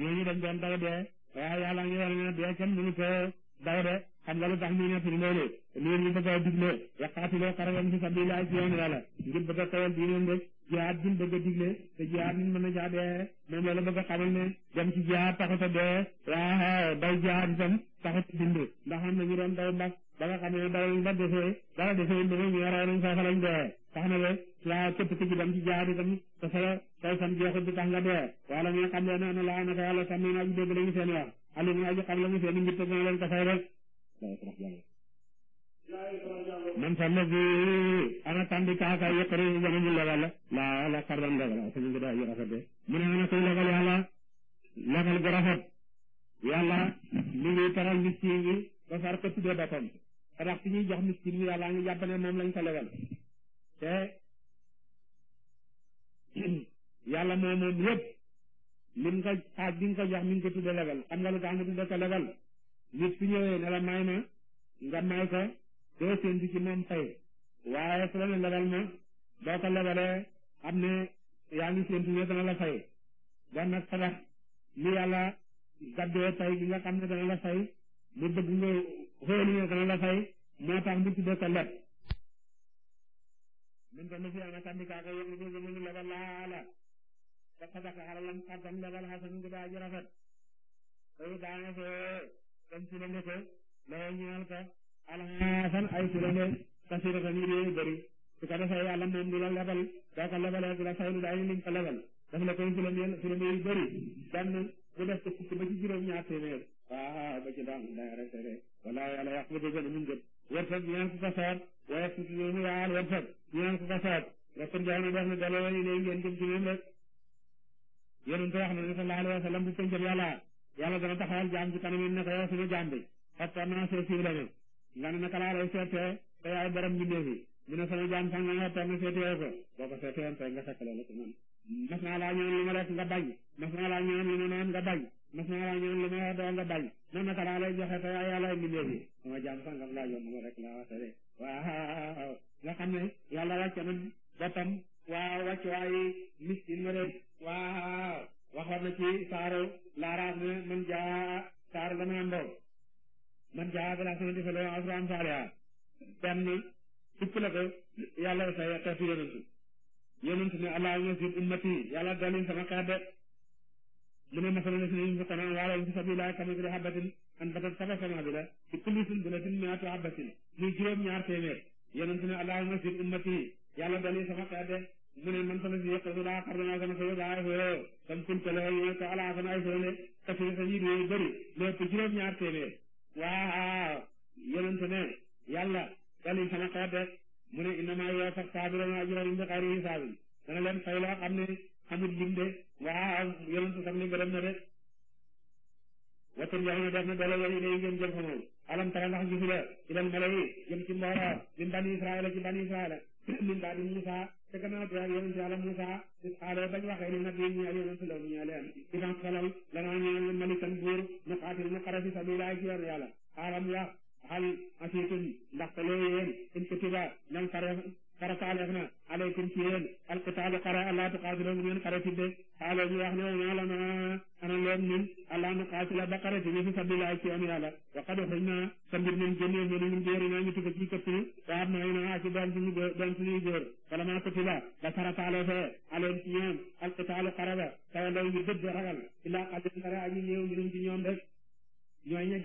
ñooñu dañ doon daw dee waaye yàlla ngi wax ne dee kenn mënu ko daw de xam nga lu tax ñu nekk loolu loolu ñu bëgg a digle waqaatiloo xarafam fi sabilillahi ci yoon yàlla ngir bëgg a tawal diinam rek jihaad bi bëgg a digle te jihaad bi mën a jaa dee moom la bëgg a xamal ne dem ci jihaad taxut a dee waaw daw jihaad itam taxut a dund ndax am na ñu doon daw mbag ba nga xam ne daw ba defee dara defee mbéy mi yoroon nañ foofa lañ dee tax na waaw képp ku ci dem ci jaar itam te sa say sam jeexul du tax nga dee wala nga xam leen laa naka yàlla sàmm naa ji dégg lañu seen wax ali naa ji xam lañu seen i mbir te leen ko fay rek man sa lëg ana tàmbi kaaka yëqari la laa la xarban lebal suñu ngi daa yu rafet de mu ne ana koy lebal yàlla lebal gu rafet yàlla li ngi teral miskin ba far ko tuddee boppam ndax fi ñuy jox miskin yi yàlla ngi jàpp ne moom lañ ko yàlla moo moom lépp lim ko xaaj bi nga jox mi ngi ko tudde xam nga lu tax nga tudde ko lebal nit su ñëwee ne la may ma nga may ko doo séntu ci moom fay waaye su la ma boo ko xam ne yaa ngi séntu ne dana la fay bon yàlla gaddee fay nga xam ne dana la tax mu tudde ko min ta nufi ana kandi kaaga yokk ni mu ngi lebal laala ta sadaka halalam kaddam lebal hasan ngi daaji rafet koy daana fee kam silande ko loo ñeel ay silande kasiratan yi réew bëri su ko defee yàlla moom du la lebal doo ko lebalee du la faylu daañu liñ ko lebal daf la koy silande silande yu bëri benn bu def ko fukk ba ci juróom ñaar téeméer waaw ba ci daan day rek rek wala yàlla yàq ba dëgg mu ngëp wërsëg ñeel ko ko soor waaye si yéen ñu yaal wal fat yéen ko fasaat waxtan jaani wax ne daloo yi léegi ngeen jëm ci yéen rek yonente wax na ne sallallahu alayhi wa sallam bu pencam yàlla yàlla dana taxawal jaam ci kanam ne ko yow sama jaam bi fasta naa see siiw la nga ne naka laa lay seetee te yaay borom mbindee fi mu ne sama jaam sax nga nga toog nga seetee ko boo ko seetee woon tey nga fekk loolu ci man mas naa laa ñëwoon li ma lekk nga bañ mas naa laa ñëwoon li ma naan nga bañ mas naa laa ñëwoon li ma wax doo nga bañ ne naka laa lay joxe te yaay yàlla mbindee fi sama jaam sax nga laa yoon ma rek laa waxee waaw nga xam ne yàlla wàcce na boppam waaw wàcce waayi miskin nga def waaw waxoon na ci saaro laaraaf ne man jaa saaro dama àndoo man jaa balaa sama defalee asran saaliha benn fukk la ko yàlla dafay xeetu yonentu yonentu ne allahumma zid ummati yàlla dolli sama xeet de mu ne masalan lasina yunfiquna amwaalahum fi sabilillahi kamathali habatin anbatat sab'a sanaabila fi kulli sunbulatin mi'atu habatin muy juróom ñaar téeméer yonent ne allahumma zid ummati yàlla dali sama xeet de mu ne man sama si yëkkal su daa xar danaa sama solo daa xoo sam kulkale ño ko ala sana ay solone kasi sa yid yooyu bëri lépp juróom ñaar téeméer waaw yonent ne yàlla dali sama xeet de mu ne innama yoo sax saabirona ajurahim bi xayri hisaabin dana leen fay loo xam ne xamul lim de waaw yonent sax ni gërëm na de wattan yàlla def na dalal a lay jëm jëm xamul alam tara ndax gisu la ilal malayi jëm ci mbooloo min bani a ci bani a min baadi Musa te gannaaw bi ak yonent yàlla Musa i xaale bañ a ni nag yéen ñaar yonent la ñu leen idan xalal lanaa ñeel malikan buur nu xaatil nu xara fi sabilillah ci yoon yàlla xaalam ya xal asiitun ndax te loo in kutiba ñam fare farataaleef na aleykum ci yéen alqitaalu xare allah tuqaatilo bu ngeen xare ci de xaale ñu wax ne maa lana ana leen ñun allah nuqaatila ba xare ci ñu fi sabilillah ci yoon yàlla wa qad uxrijna sa mbir nañ génnee ñu ñun góor ñaa ñu tugal ci këpp ñu wa am na ina ci doom suñu góor doom suñuy góor wala maa kutila ba farataaleefee aleykum ci ñoom alqitaalu xare ba tawandaw ñu dëdd ragal illaa qalil dara aji néew ñu ci ñoom rek ñooy ña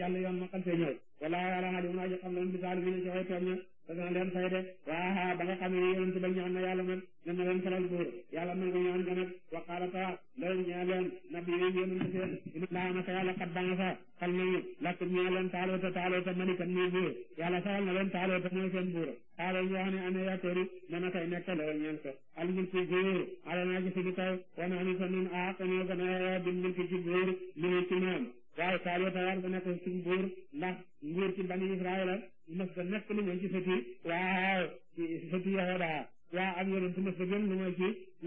yoon dana leen fay de waaw ba nga xam ne yonent ba ñaan na yàlla nag dana leen faral buur yàlla mën nga ñaan nga nag waqaala ta loolu ñaa leen nabi yi yonent seen ina laa naka yàlla xat banga sa xal nañu lakkum ñaa leen taaloota taaloota manikan muy buur yàlla saxal na leen taaloota mooy seen buur xaalo ñu wax ne ana yakoori dana koy nekk loolu ñeen ko al mulki buur ala naa ci suñu kaw wana ani ta nun a ah, xaqanoo gën a bin mulki ci buur lii ci moom waaye Saalum Tawar ba nekk si nguur ndax nguur ci bani Israayila mës ba nekk lu ñëw ci sëti waaw ci sëti Yahuda waaw ak yonent mës ci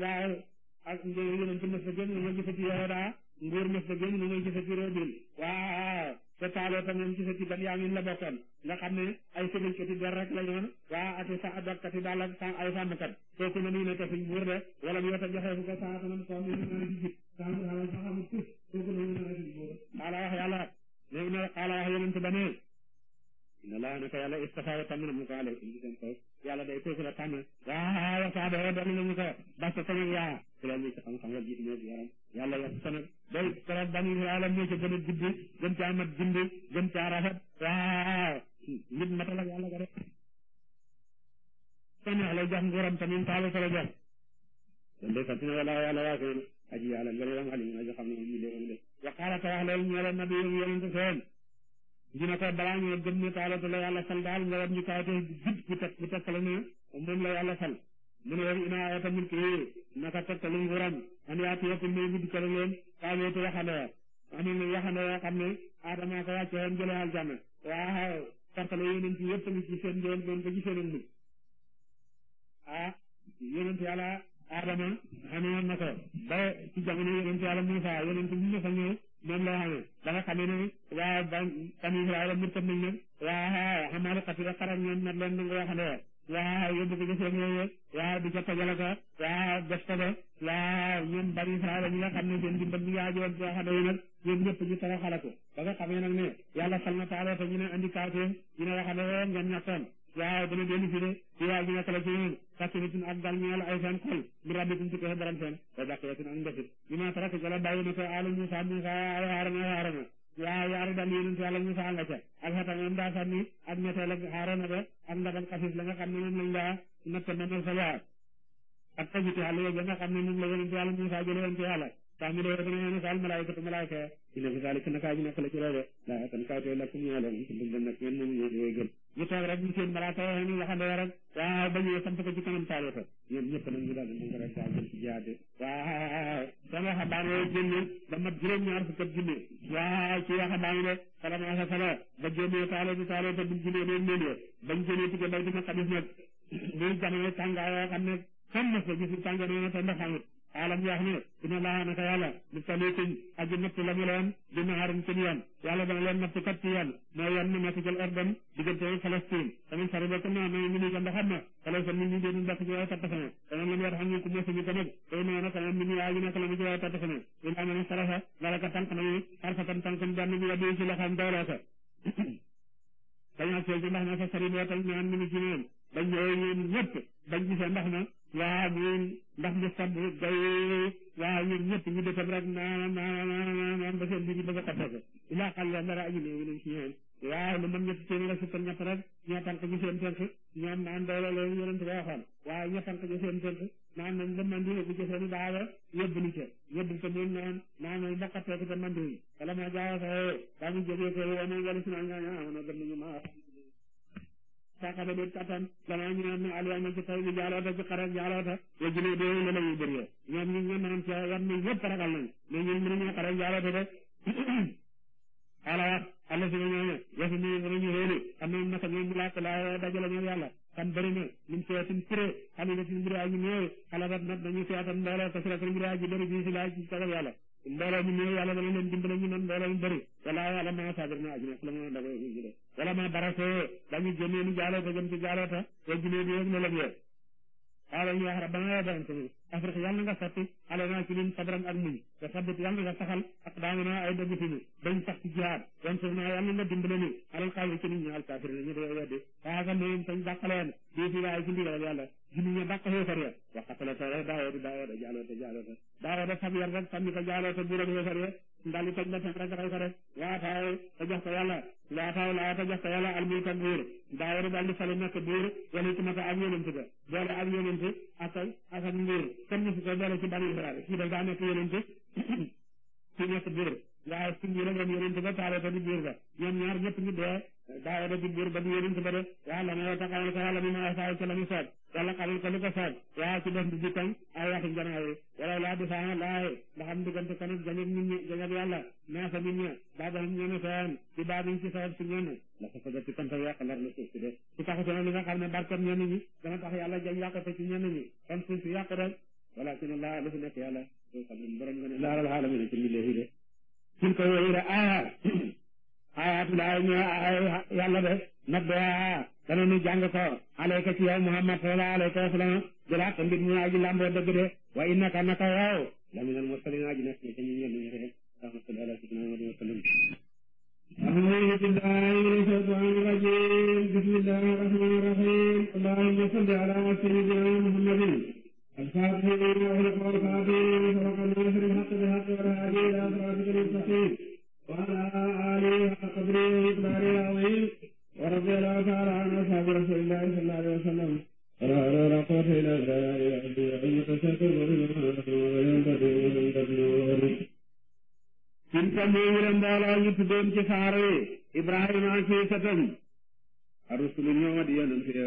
waaw ak yonent mës ba gën lu ñëw ci sëti Yahuda nguur mës ba gën lu ñëw ci sëti te taaloo tamit ci sa ci ban yaa ngi la bokkoon nga xam ne ay sëbëjkati der rek la ñoon waa ak sa adokkati daal ak sa ay sàmmkat kooku na nii ne tafi wër de wala mu yota ko saatanam ko ñu na ci jib taala saxamu tus kooku na ñu na ci boobu wax yàlla léegi ne xaala wax yonent ba ne na laa naka yàlla istafa wa tamina mu ko alaykum ci seen yàlla day kooku la tànn waaw wa saa doo doon na Musa bas ko sama yaa ci loolu ñu ci xam-xam la jiitu ñëw ci yaram yàlla yokk sama day keroog bani Israayiila ñoo ca gën a gudd gën caa mat bind gën caa rafet waaw nit matal ak yàlla ga rek. ko neex lay jox nguuram tamit taalu ko la jox kon de sant na wala yàlla waa seen aji yàlla loolu la nga xam ne moom ñu déggoon de. wa qaala te wax loolu ñu ne la nabi yonente seen ñu ne ko balaa ñoo gëm ne taalatu la yàlla sal daal nga war ñu kaay te gud bu teg bu tegtale ne moom la yàlla sal mu ne leen inaa ayata mulki naka tegtalu nguuram an yaati yokku may gudd kale leen ne aadama ko wàcce woon jële aljanna waa tartale yonent yëpp ngi ci seen doon doon ba ci seen mujj ah yonent yàlla aadama xamee na ko ba ci jamono yonent yàlla Muusaa yonent bu ñu fa ñëw moom la waxee ba nga xamee ne waa bani Israayil murtat nañ leen waa xamaale xatira xaram ñoom nag leen nangu waxandoo waa yóbbu ko jëfee ñëwee waa di ko tojale ko waa def ko de waa ñoom bani Israayil ñi nga xam ne seen ndimbal mi ngi aajowoon ci waxandoo nag ñoom ñëpp ñu toroxale ko ba nga xamee nag ne yàlla fal na taala te ñu ne andi kaw ñu ne waxandoo ngeen ñàkkoon waaw dana dellu si de ci yaa gi nekk la ci yéen sakinatun ak dal ñeel ay seen xol mi rabbikum ci ko borom seen ba baqiyatun ak mbësit li ma tarak wala bàyyi na ko alu Musa Musa ay Haaruna Haaruna waaw yaari dal yéen ci yàlla Musa nga ca ak xatamam daa sànni ak ñetteel ak Haaruna ba ak ndabal xafis la nga xam ne moom lañ daa natt manal sa yaar ak tajiti àll yooyu nga xam ne moom la yonent yàlla Musa jële woon ci yàlla tax mi dee dana yéen sal malaayikatu malaayika ina fi salik nakaay bi nekk la ci loolu laa tan kaw tee lakum ñaa leen dum dem nag ngeen moom ñoo gën ñu toog rek ñu seen malaaka yi ñu waxandoo rek waaw ba ñu sant ko ci kanam Saalota yéen ñëpp nag ñu daal di mën rek daal jëm ci jihaad waaw sama xabaar yooyu génne ba mat juróom-ñaar fukk ak junne waaw ci waxambaane ma sala ba génnee Saalota Saalota bu junne doon néew bañ génnee ci bay dina xamis nag muy jamono tàngaayoo xam ne alam wax ne dina laa naka yàlla li salitin aji natt la mu leen di naarin ci yoon yàlla dana leen natt kat ci yoon mooy yoon mu nekk ci Ordon diggante Palestine tamit sari ba ko naa na mi ni ko ndaxam na Palestine mi ni déen bokk ci way tattasana dana lam yor ne ku mosuñu ko nag day nee na kanam mi ni yaa ji nekk la mu ci way tattasana ilaa ne ka tànk nañu xarfatan tànkam benn bi yeddi ci loxoom dooloo ko dañaa seel ci ndax na sa sari boo tal naan mi ni bañ ñëwee ñoom na waa biin ndax mu sab gay waaw ñun ñëpp ñu defam rek naanam naanam naanam ba seen biir yi bëgg a xotteeku ilaa xalilan dara aju ne ñu ci ñoom waaw lu mën ñett seen la sukkal ñett rek ñoo tànk ñu seen tënk ñoom naan doole loolu yonent ba waxoon waaw ñoo tànk ñu seen tënk naan nañ ba mandi yóbbu ci seen daara yóbbu li ca yóbbu ko ñun naan naan nañ ba xotteeku te mandi wala ma jaaw sa dañu jógee ko wala ñu wala suñu ñaan ñaan na dem ñu ma saaka da doon kattan danaa ñu naan Aliou ma ci taw bi jaaloota ci xare jaaloota wa jëlee doo la lañuy bëree ñoom ñu ñoom maanaam ci yam ni ñëpp ragal nañ mais ñun mënuñu xare jaaloota de ala wax alla si na ñooñu yesu ni mënuñu xéelu xam ne naka ñoom laak laa dajale ñoom yàlla xam bëri na ñum seetin ciré xam ne nga si mbir aji néew xalabat nag dañu seetan mbooloo ko si la ko mbir aji bëri ji si laa ci sagal yàlla mbooloo mi néew yàlla dana leen dimbale ñu man mbooloo mi bëri wala yàlla maa sabir na ajina la ma dago wala ma barasee dañu génnee ni jaaloo ta jëm ci jaaloo ta te junee bi yëg na xaaral ñu wax rabbana ya borom tamit afrik yàlla nga sotti alayna ci ñun sabran ak muñ te sabbit yàlla nga saxal ak daamana ay dëgg fi ñu bañ sax ci jihaad yan suuf naa yàlla nga dimbale ñu alal xaalis ci nit ñi alkaafir la ñu doon weddi xaaga moom sañ dàqaleen bii fi laay ci ndigal yàlla jini ña dàq xeefar ya waxatale sa rek daawoo di daawoo da jaaloo te jaaloo te daawoo da sab yar rek sànni ko jaaloo te bu rek xeefar ya ndax li toj la te rek rek rek laataaw te jox ko yàlla laataaw laa te jox ko yàlla al mulk ak buur daawara daal di fale nekk buur wala ci mata ak yonent ga boole ak yonent ak ak ak nguur comme ni ko boole ci bani Israël kii daf daa nekk yonent ci nekk buur waaye ci nguur ak yonent ba taale ko di buur ba ñoom ñaar ñëpp ñu dee daawara di buur ba di yonent ba de waaw la nga taxawal ko yàlla mi ma saa ci la mu soob wala xamal ko li ko soob yaa ci dem di di tey ay waxi janaaw yi wala laa di faa laaye ndax am diggante kon ak jañab nit ñi jañab yàlla naasa nit ña baaba xam ñoome soowam ci baabiñ ci sabab si ñoom la ko sabab ci kon taw yàq lar na suuf si de su taxutoon li nga xam ne barkam ñenn ñi dana ci ñenn ñi kon ci nga ne laalal xaalamina ci mbindee yi de sin ko yooyu de aaya aayatu laay ñoo aay yàlla de nabbaha dana nu jàng ko alayka ci yow Muhammad sallallahu alayhi wa sallam jëlaat te mbir mu naa ji làmboo dëgg de wa innaka naka yow la minal mursalin aji nekk ci ñu ñëw ñu rek sama sallallahu alayhi wa sallam أعوذ بالله من الشيطان الرجيم بسم الله الرحمن الرحيم اللهم صل على سيدنا محمد الفاتح لما أغلق والخاتم لما سبق الناصر الحق بالحق والهادي إلى صراطك المستقيم وعلى آله حق قدره ومقداره العظيم ورضي الله تعالى عن أصحاب رسول الله صلى الله عليه وسلم ولا حول ولا قوة إلا بالله العلي العظيم تشكر anta moomu mbooloo ñu tuddoon ci saaro yi Ibrahima ci sëtam arusulu ñoom di yonent ya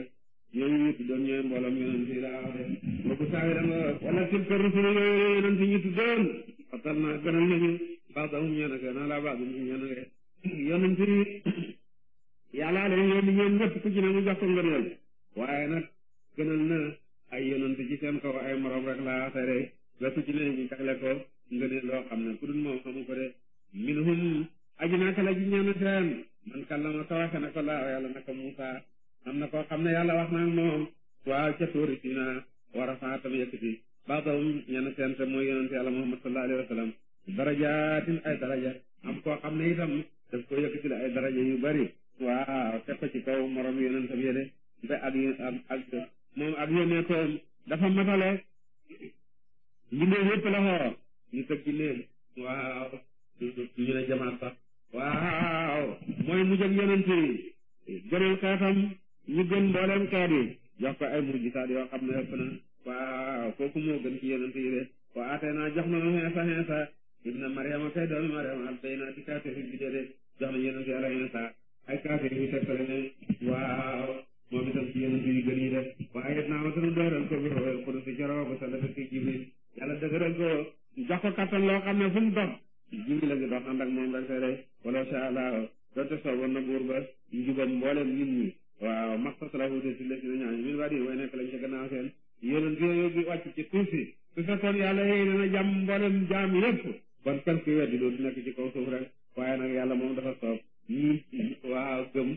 ñooñu ñu tuddoon ñooy mbooloom yonent yi laa wax de ba bu saawi da nga wala tilka rusulu yooyu yonent ñu tuddoon fatal naa gënal nañu baax dama ñenn ak naa laa baax dama ñenn ak yonent yi yàllaa leen yónni yéen ñëpp ku ci ne mu jox ko ngëneel waaye nag gënal na ay yonent ci seen kaw ay morom rek laa tere ba ku ci ne ñu jagle ko ngëneel loo xam ne ku dul moom xamu ko de minhum aji naka la ji ñenn seen man kallama ka waxe na ko laa yàlla naka Musa am na koo xam ne yàlla wax na moom waaw ca tóori sina war a faa tam yëkkati baatawum ñenn seen te mooy yonent yàlla Muhammad sallallahu alayhi wa sallam darajaatin ay daraja am ko ay daraja yu bari waaw teg ko ci taw morom yonentam yële ba ak ak moom ak yónneetoom dafa matale mbindee yëpp la xool ñu tëj ci waaw ñu ne jamaat waaw mooy mujj ak yonent yi gënal xeetam ñu gën mbooleem xeet yi jox ko ay mujj sax yoo xam ne ëpp na waaw kooku moo gën ci yonent yi de wa ateenaa jox na ma xeesa xeesa ibna mariama kay doon mariama al bayna ci kaafir bi de jox na yonent yàlla xeesa ay kaafir yi tegtale ne waaw moom itam ci yenn yu gën yi def waaye naa ma sunu dëgëral ko bi xool ko si jaroo ko sa la fekk jibril yàlla dëgëral ko jox ko kattan ne fu mu dox jibril a ngi dox ànd ak moom rek rek wala sha allah doonte sooboon na buur ba njubam mboolem nit ñi waaw maxtas si na ñaañu min badi way nekk lañ ca gannaaw seen yéneen bi yóbbu wàcc ci suuf si su fekkoon yàlla yéy dana jàmm mboolem jaam yëpp kon kenn ku weddi dootu nekk ci kaw moom dafa soob ñii waa gëm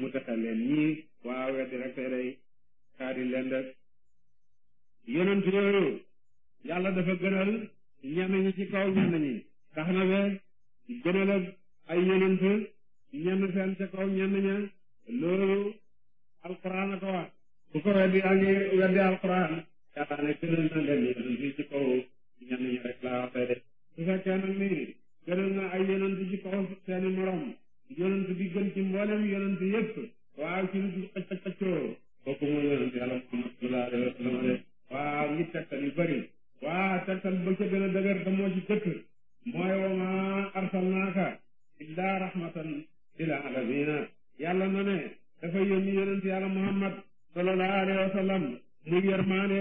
mu defal leen ñii waa weddi rek tey dafa gënal ñenn ñi ci kaw ñenn ñi tax na be gënal ak ay yonent ñenn seen ca kaw ñenn ña loolu alquran a ko ku ko weddi yaa ngi weddi alquran yàlla ne gënal na leen yonent yi ci kaw ñenn ñi rek laa wax tey de su fekkee nag nii gënal na ay yonent ci kaw seeni morom yonent bi gën ci mboolem yonent yëpp waaw ci lu xëccoo kooku mooy yonent yàlla Muhammad sallallahu alayhi wa sallam de waaw ngi tegtal yu bëri waaw tegtal ba ca gën a dëgër arsalnaaka illaa rahmatan lil aalamiina yàlla na ne dafa yónni yonent Muhammad sallallahu alayhi wa sallam mu yërmaane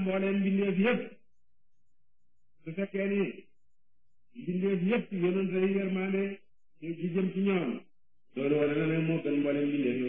mboolem mbindeef yëpp su fekkee ni mbindeef yëpp yonent yi ci jëm ci ñoom loolu wane na ne moo gën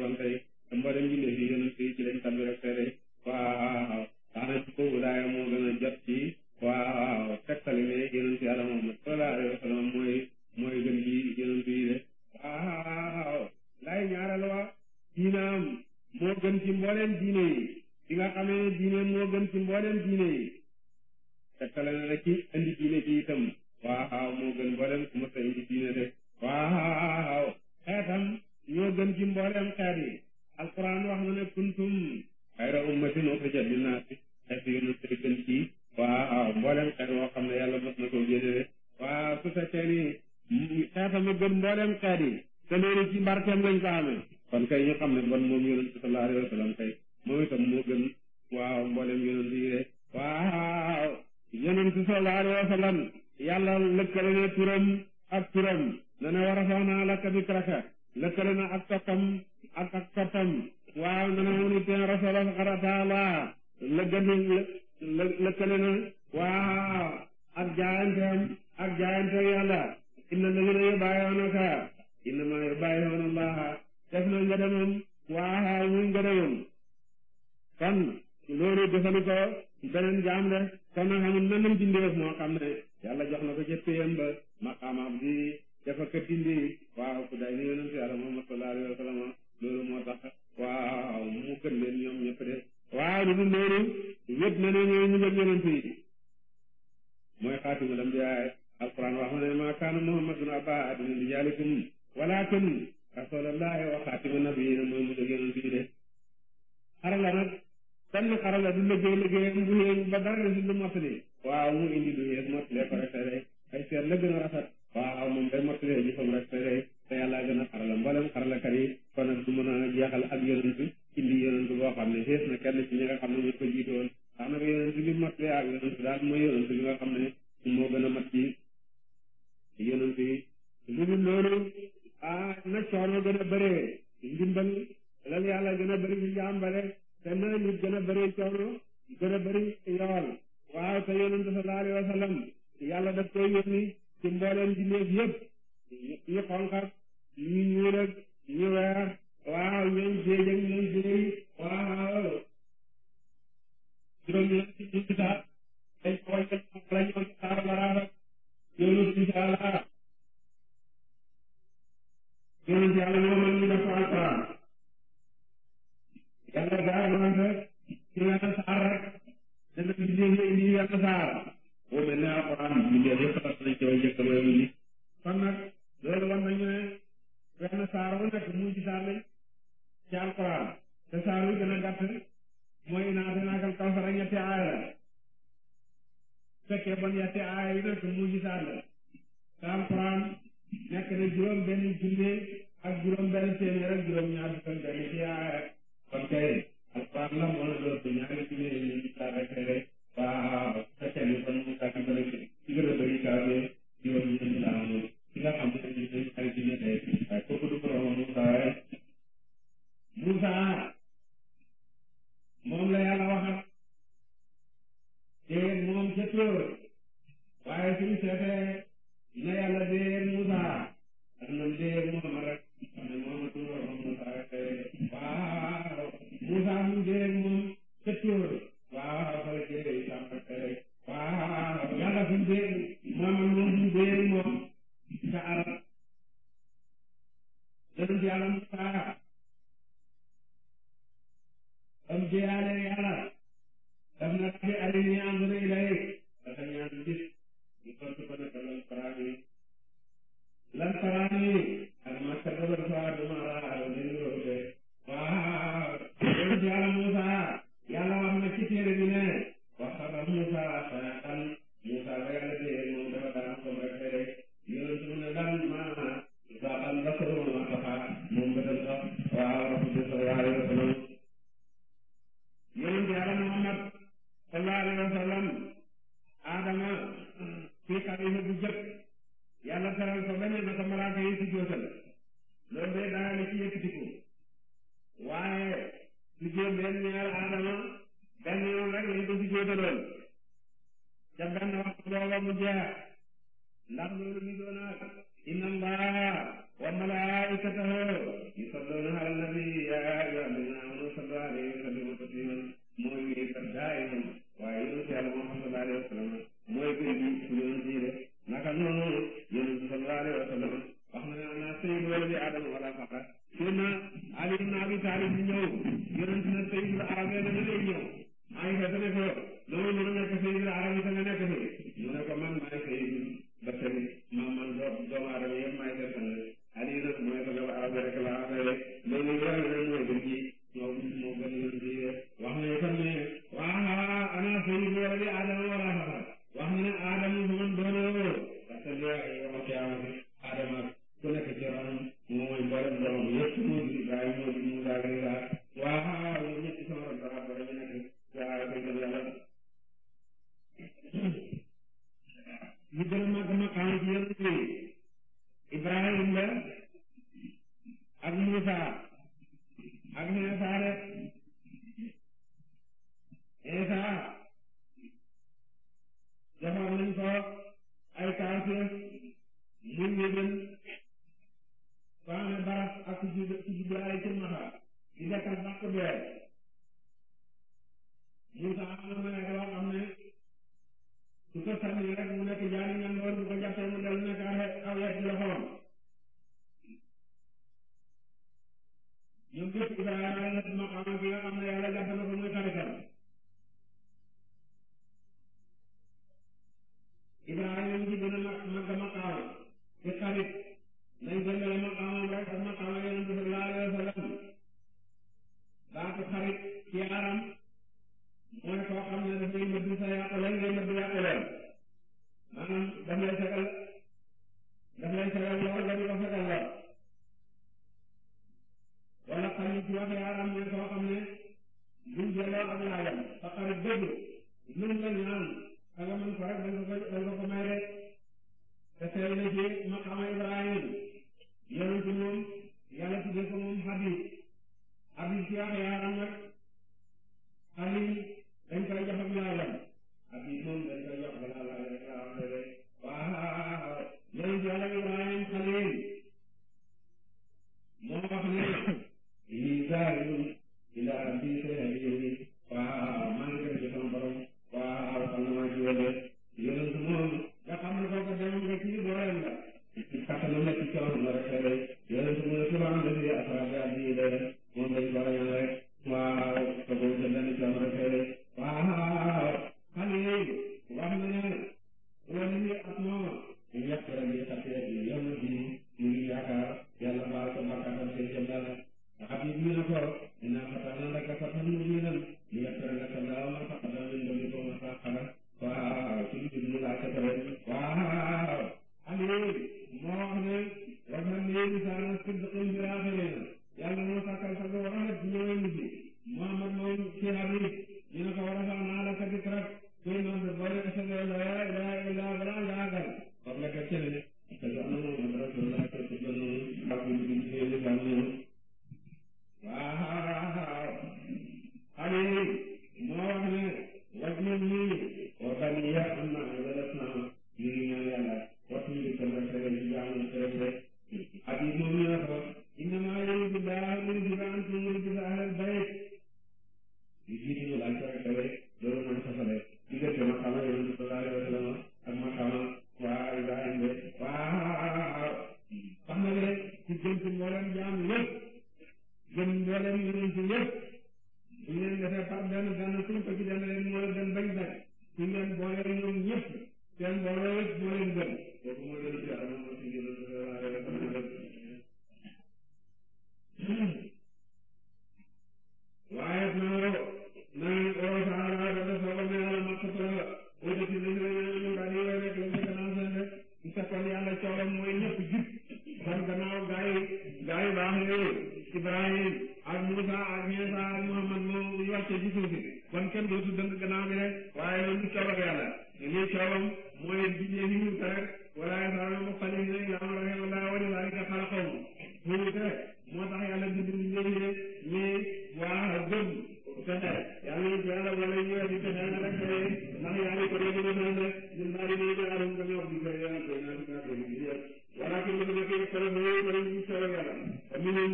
te mu ne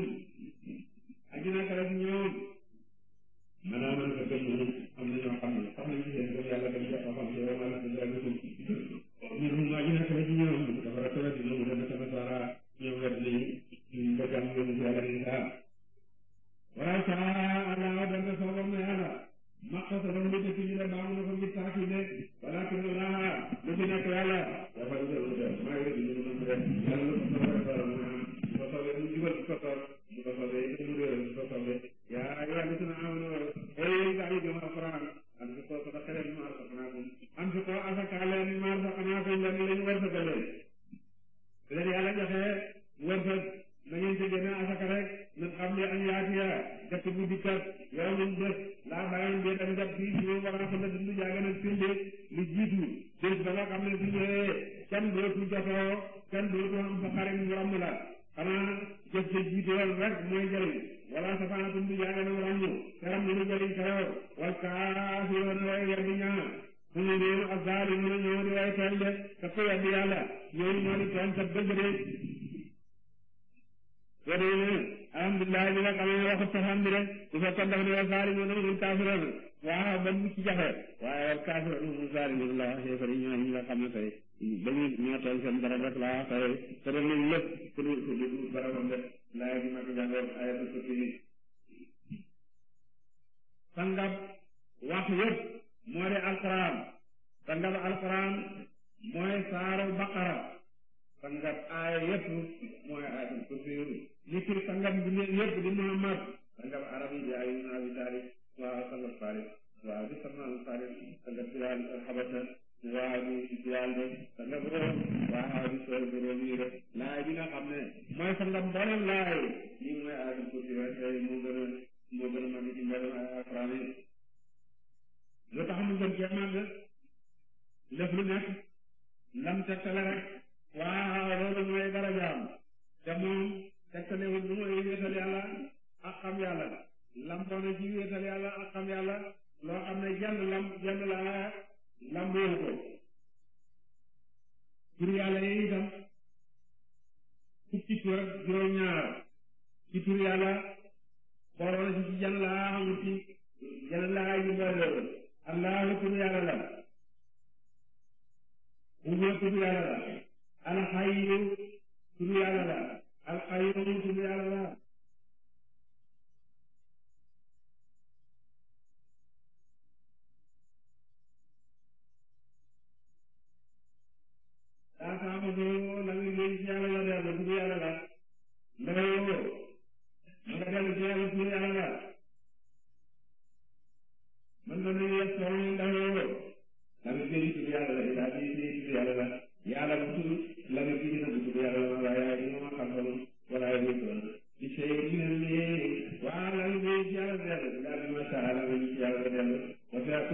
aji na kala ñoom maanaam am na ñoo xam ne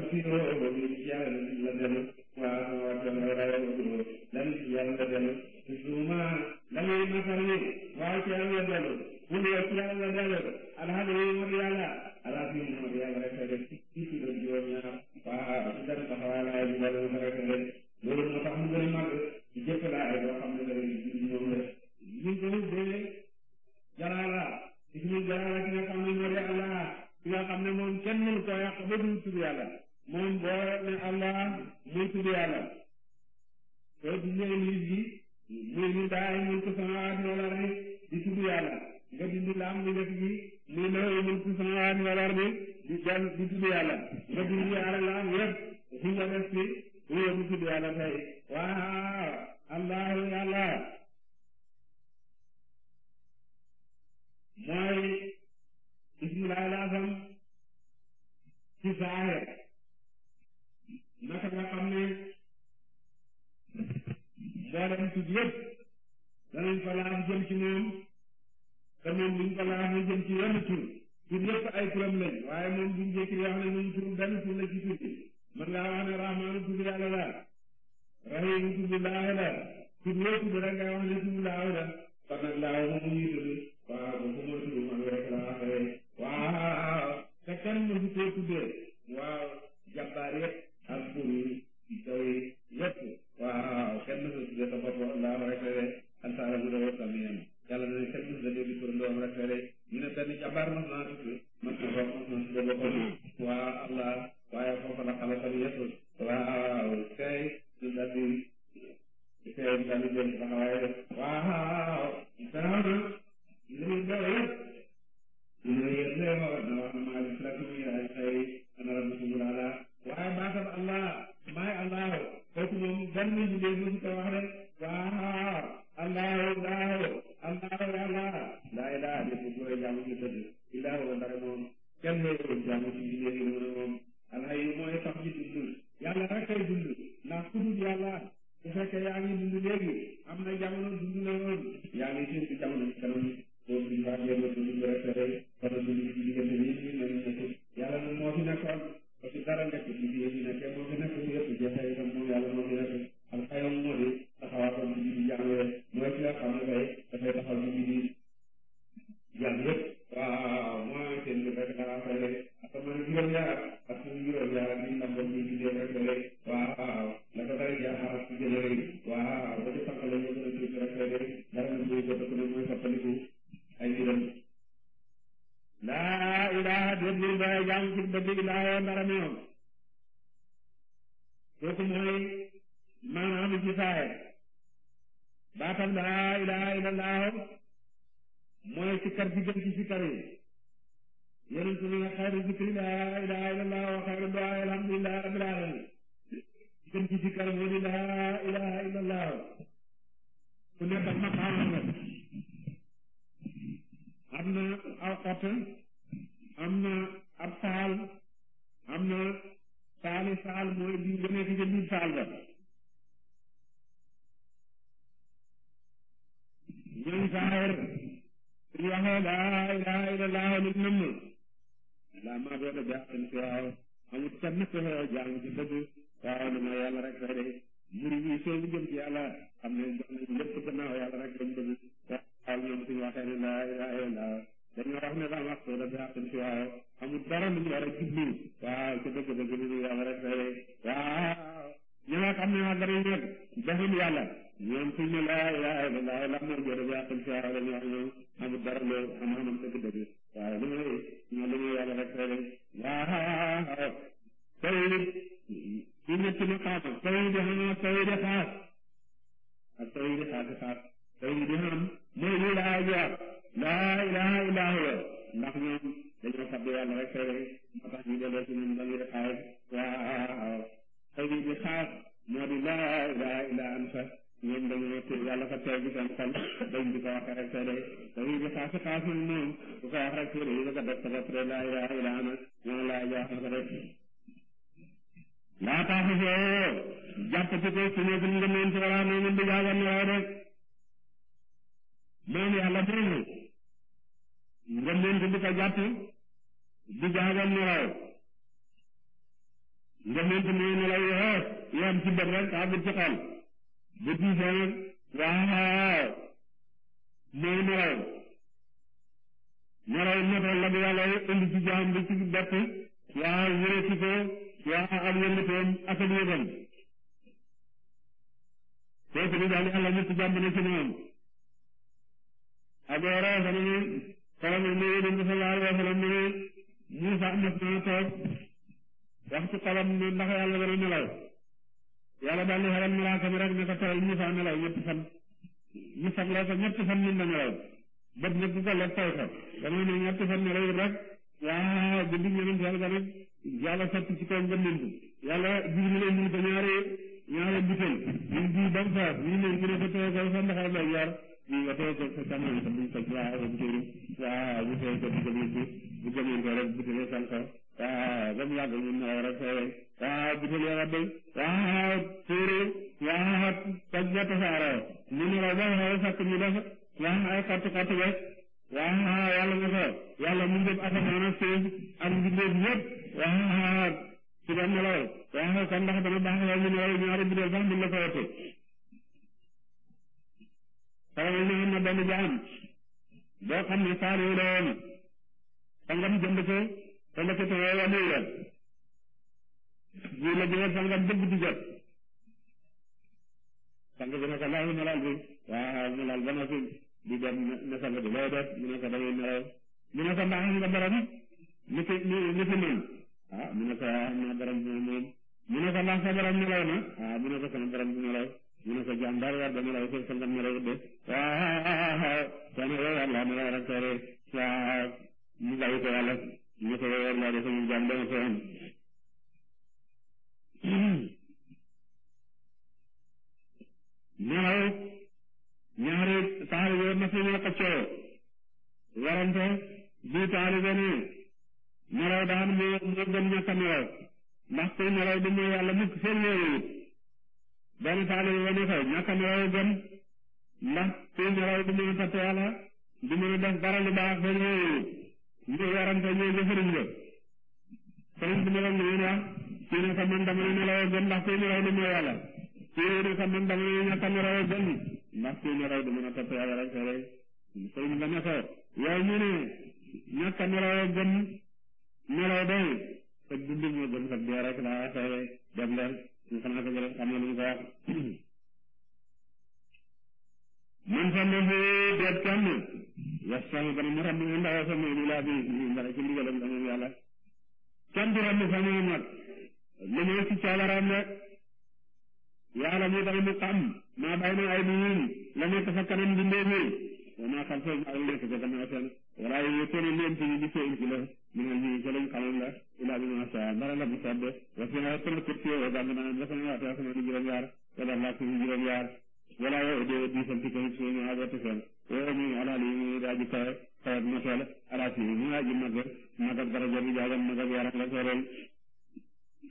si laa ilaaha illallah ku nekk ak maqaama nag am na aw xott am na ab saal am na saali saal mooy biir ba nekk ca biir saal ba ñooñ saar suñu waxee laa ilaaha illallah lu nëmm laa maa doon a baax seen si waaw amul kenn ku xew jàng ci dëgg soobu jëm ci yàlla xam ne jox nañ lépp gannaaw ne sang bi looy def mu ne ko dangay nelaw mu ne ko ndax am nga borom ni fi ni fi moom ah mu ne ko ah am naa borom bu moom mu ne ko ndax sa borom nelaw na ah mu ne ko sama borom bu nelaw mu ne ko jàmm dara war da nelaw fekk sa ngam nelaw de waaw sama yow war laa nelaw rek tere waaw mu bàyyi ko yàlla mu ko yow war laa def sama jàmm dama ko am nelaw ñaari taalibe mas nañoo xëccoo warante bii taalibe ne nelaw daan moo moo gën ñàkk a nelaw ndax kuy nelaw du mooy yàlla mukk seen wéeruwut benn taalibe ba ne ko ñàkk a nelaw gën ndax kuy nelaw du mën a topp yàlla du mën a def dara lu baax seen wéeruwut ñu warante ñoo jëfëriñ la sëriñ bi ne leen ngeen wax kii ne ko man dama ne nelaw gën ndax kuy nelaw du mooy yàlla ne ko dama ne ñàkk a nelaw gën ndax kii ñu rey du a topp yàlla rek rey sëriñ ba ne ko mu ne ñàkk a meloo gën meloo day sa dund moo gën sa dee rek laa xewe dem leen ñu xam ne ko jëlee xam ne lu ñu ko wax man fa ne fi deet kenn yastamu bana mu rabbi inda wasami lu laa bi mbara ci ndigalam la moom yàlla kenn du rabbi fa muy nag lu muy ci caalaram rek yàlla mooy tax mu xam maa bay na ay diin la nekk fa kanam di ndéem wa maa xam soo ak lekk ko gannaaw seen wala yooyu toona leen ci di la ñu ne ñu ca lañ xamoon la ilaa bi ma saa dara la mu sàdd wa fi naa tona kursi wa gànd naa dafa ne waate asama di juróom yaar wa dax laa suñu juróom yaar wala yow de diisanti ko hit suñu agote seen wala muy alaal yi muy daaji kawe kawat mateel alaas yi muy aji mag mag ak daraja bi jaagam mag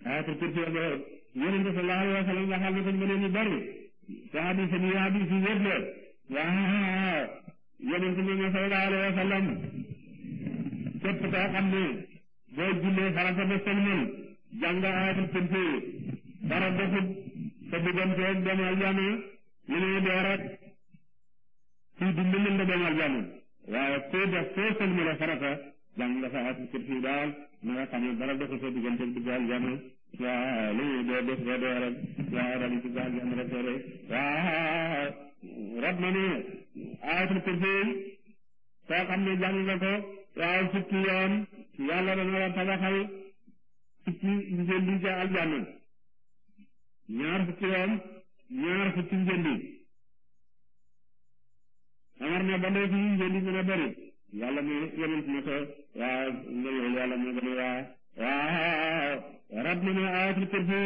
ak yonent bi sallallahu alayhi wa sallam waxal na ko ñu leen yu bari te hadis bi hadis yi yëpp la waaw yonent bi ne sallallahu alayhi wa sallam képp koo xam ne boo jullee farata ba sëlmal jàng aayatul kursi dara defut sa diggante ak dem aljana li ne dee rek kuy dund mën nga dem aljana waaye kuy def soo sëlmale farata jàng nga sa aayatul kursi daal na nga xam ne dara defut sa diggante ak dugg aljana waaw li ñuy dee ba dee rek waaw rajo bi baax na am rek rek waaw rab na ne ayatul kursi koo xam ne jàng nga ko waaw fukki yoon yàlla dana la tabaxal fukki njëndi ca aljanna ñaar fukki yoon ñaar fukki njëndi amar na ba ndee fi njëndi gën a bëri yàlla ne yonent na ko waaw nga yàlla moo gën a rab na ma ayatul kursi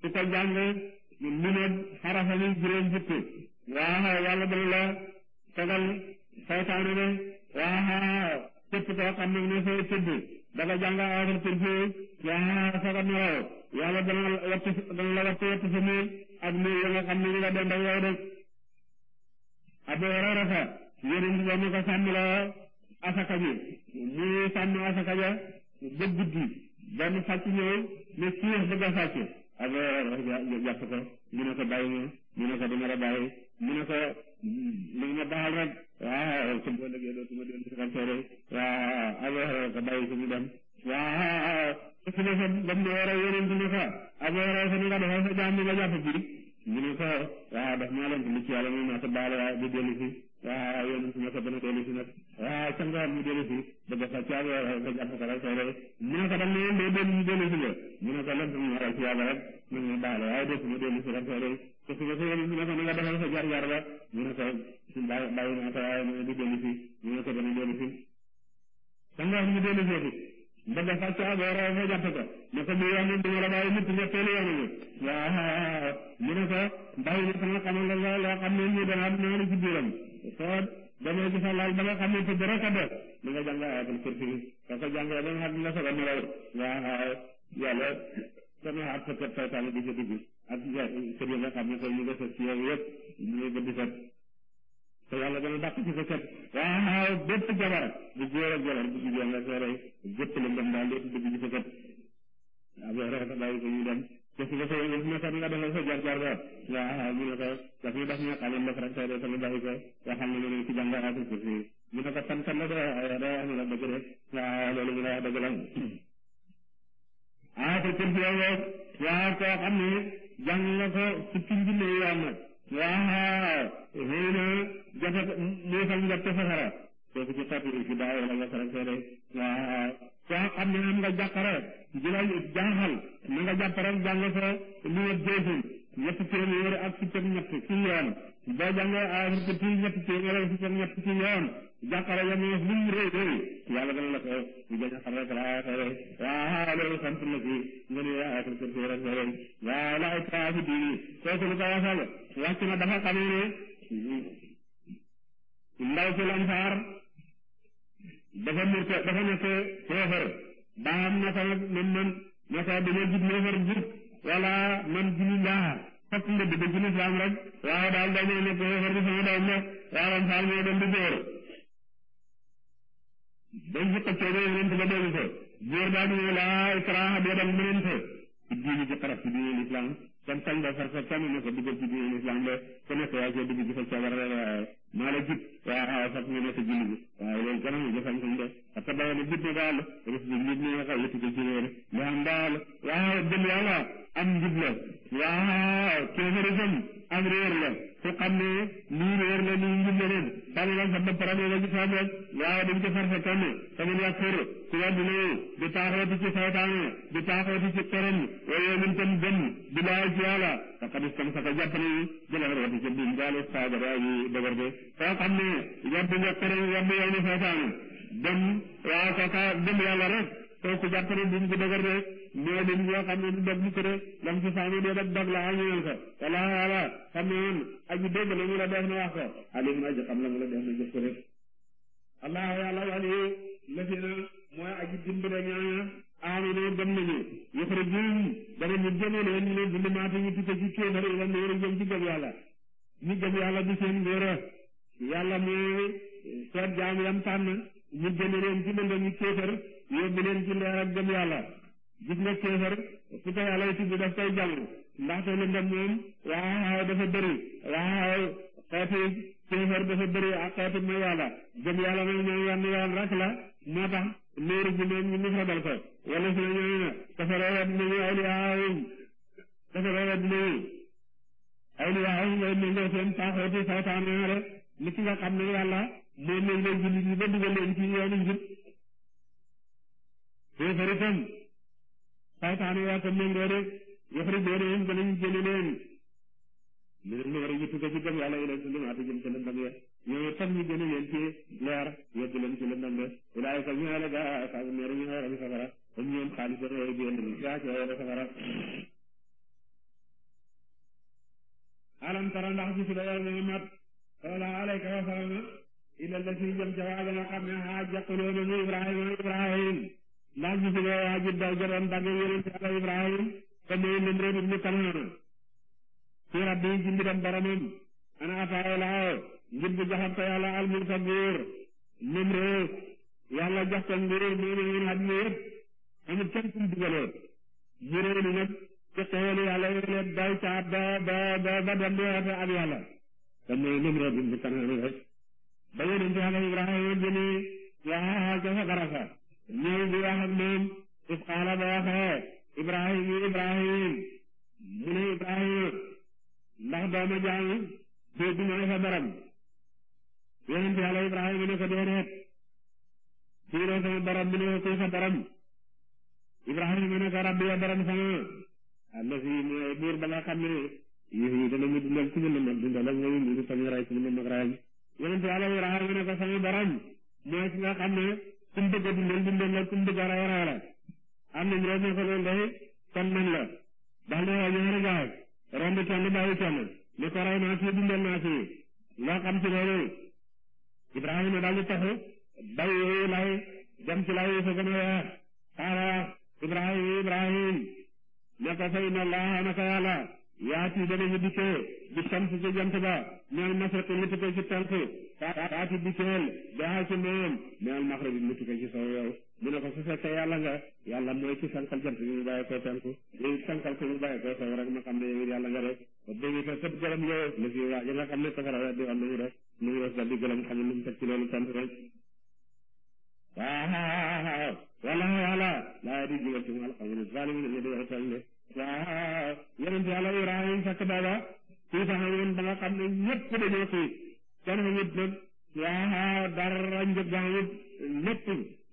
ku ko jàng lu ne xarafami juróom fukki waaw yàlla dana la tegal saytaane ne waaw képp koo xam ne ne fay tëdd da jàng ayatul kursi waaw soog a nelaw yàlla dana la wattu dana la wattu wattu sa miir ak miir ya nga xam ne ñu nga dend ak yow de Abu Hurayrata sàmm la asaka ji muy sàmm asaka ja ba guddi benn sàcc ñëw ne siyéex bëgg a sàcc Abu ah, Hurayra jàpp ko mu ne ko bàyyi ma mu ne ko dama la bàyyi mu ne ko mm, li ma baal rek ah, waaw su boo lëgee dootuma doon transféré waaw Abu Hurayra ko bàyyi ko mu dem waaw su ne fa ba mu war a yonent ah, ne ko Abu Hurayra fa ni nga defal sa jaam nga jàpp bi mu ne ko waaw daf maa leen ci yàlla moom naa ko baal waaye du dellu si waaw yonent ne ko dana dellu si nag waaw ca ngoon mu dellu si ba def ak caabi wala ba jàpp ko rek tey rek mu ne ko dama leen dee mu ne ko mu waral si mu ne baale waaye dee mu dellu si rek tey ma mu na sa jaar ba mu ne ko bàyyi bàyyi naa ko mu ne mu ne ko dama dellu si mu dellu si ba def ak caabi wala ba jàpp ko ne ko mu yoon dama la bàyyi nit ñetteelu na sama xamal la loo xam ne ñu dana am noonu ci biiram dañoo gis ne loolu ba nga xam ne tëdd rek a doon li nga jàng ayatul kursi da ko jàngee ba nga xam ne la soog a nelaw waaw waaw yàlla sama xaar sa kër saytaane di sa dugg ak nga kër yi nga xam ne ko ñu nga sës ci yow yëpp ñu bëgg set te yàlla dana dàq ci sa set waaw waaw bépp jabar bu góor ak jabar bu jigéen la soo rey gépp la ndam daal di dugg ci sa set waaw boo rey sa bàyyi ko ñu dem jëf nga sa jëf nga sa nga defal sa jaar jaar ba waaw ñu ne ko daf ñu def ñu xale def rek sa def sama bàyyi ko yoo xam ne ñu ne ci jàng ak kursi ñu ne ko fan fan la doo doo wax ñu la dëgg rek waaw loolu ñu ne wax dëgg la ah te kursi yow waaw koo xam ne jàng nga ko fukki junne yi am na waaw xëy na jafe muusal nga te safara kooku ci xeetu ci daaw la nga sa rek sa def waaw koo xam ne am nga jàqara di la jàngal na nga jàpp rek jàng sa lu wër déedéet ñetti téeméer ak fukk ak ñett ci yoon boo jàngee aaya fukk ci ñetti téeméer ak fukk ak ñett ci yoon jàqare ya mu lim réy réy yàlla dana la ko gañ xam rek laa xere waa loolu sant na ci nga ne yaa ko sant rek xere waa laa taa fi diini kooku lu ko waxal wàcc na dafa xamee ne ndaw ci lansaar dafa murte dafa nekk kéefër daa am naka nag man man naka dañoo jub neefar jub wala man julli laa fas nga dëgg ci lislaam rek waaye daal dañoo nekk neefar bi sama doom la waaye faal moo dem di dóor dañ ci xëccoo ba yonent ba dégg ko góor daa ñëw laa ikraha doo dem mënante ci diini ci xarab ci diini lislaam kon kan nga far sa kenn ne ko dugal ci diini lislaam de ku nekk yaa cee dugg ci sa coobare waaye maa la jub waaw waaw fas nga nekk julli bi waaw loolu kenn mu jëfañ ko mu def parce que dawal jiddu daal rësli njub li nga xam li tudd ci loolu lu am daal waaw gëm yàlla am njub la waaw kéefërisam am réer la ku xam ne nii réer la nii njub la leen sànni lan sa bopp rek la gisoon rek waaw dañ ca farfa kenn faman yàkkër su wàddinawu di taaxooti ci saytaane di taaxooti ci xeram waaye mun tam gëm di laay ci yàlla faqad istamsaka jàpp nañu jël rëwati ca buum gaale saaga daa ji dëgër de koo xam ne yàbb nga xeram yàbb yow ni saytaane gëm waaw kooka gëm yàlla rek kooku jàpp bu mu ci rek mais li ñu xam ne du dag dog laa ñëwal la mu la def na wax ko la mu la def na jëf ko rek allah yàlla wàli lafina mooy aji dimbale ñaña amino gëm dana ñu génne leen ñu ne zulmaati ñu tukkee ci kéefar ila nuur jëm ci gëm yàlla ñu gëm yàlla bi seen ngóora yàlla mooy seet jaam yam tànn ñu génne leen ci lëndëm yi kéefër yóbbu leen ci leer ak yàlla gis nga kéefër su ko yàlla tudd daf koy jàng ndaxte lëndëm moom waaw dafa bëri waaw xeeti kéefër dafa bëri ak xeeti mooy yàlla gëm yàlla moom ñoom wenn yoon la moo tax nuuru bi moom ñu mufradal ko wala su la ñëwee na kafaroo wet nañu awliyaahum kafaroo wet nañu awliyaahum ngay méngoo seen saaxooti saytaane rek li ci nga xam ne yàlla moom lañ leen jullit ñi ba dugal leen ci yoonu njub yéefar itam saytaane yaa ko méngoo de yuxrijuunahum danañ génne leen ñu ne lu war a yëpp ko ci gëm yàlla ila zulumaati jëm ci lëndam ya ñooñu tam ñu génne leen ci leer yóbbu leen ci lëndam ya ulaa'ika ñu ne la gaa asaabu naar ñu ne la safara am ñoom xaalis ba ñooy génn ñu gaa ci la safara alam tara ndax gisuloo yow nga mat sallallahu alayhi wa sallam ila la ci jëm ca waa ba nga xam ne ah jàppaloo na mu Ibrahima Ibrahim ndax gis nga waa daw jotoon dagg yeneen ci Yàlla Ibrahim te muy Namrud ibnu Kanaan ci rabbi ci mbiram boromam ana ataaw laaw ngir bu joxat ko Yàlla almulka nguur Namrud Yàlla jox ko nguur moo ñëwoon àdduna yëpp amul kenn kum dugaloon ñu réew mi nag ci xéewalu Yàlla yële daw ca ba ba ba ba yonent Yàlla Ibrahima jëlee yaa ca Garasa ñëw di wax ak moom if qaala ba waxee Ibrahima Ibrahima mu ne Ibrahima ndax doomu jaamu doo du mooy sa borom yonent Yàlla Ibrahima ne ko déedéet kii la sama borom mu ne ko kuy sa borom Ibrahima ne ko rabbi ya borom sama allazi buur ba nga xam ne yéen yi dana mu dundal ci mën a mag dundal ak mooy mu ngi sama ray ci mën a mag rayam yonent yàlla Ibrahima ne ko nga xam ne ku mu bëgg a dundal dundal la ku mu bëgg a ray ray la am nañ loolu ne ko loolu day kon man la daal di ray ñaari gaaw romb kenn bàyyi kenn ni ko ray naa fii dundal naa fii loo xam ci loolu Ibrahima daal di taxu bay lay jam ci lay fa gën a weex xaaral Ibrahima Ibrahima ne ko fay na laa naka yàlla yaati danañu dikkee bi sant ci jant ba mel masraqi mu tukkee ci tant taati dikkeel daa ci moom mel maxrabi mu tukkee ci sow yow mu ne ko su fekkee yàlla nga yàlla mooy ci sankal jant bi mu bàyyi ko penku léegi sankal ko mu bàyyi ko sow rek ma xam ne yow yàlla nga rek la fi waa nga xam ne safara weddi woon nañu rek nu di gërëm xam ne nu mu teg ci loolu sant rek waaw wala yàlla laa di jigal ci mu alxamne di war a waaw yonent yàlla Ibrahima fekk booba fii sax woon ba nga xam ne ñëpp dañoo xiif kenn xamut nag waaw dara njëg ba xamut lépp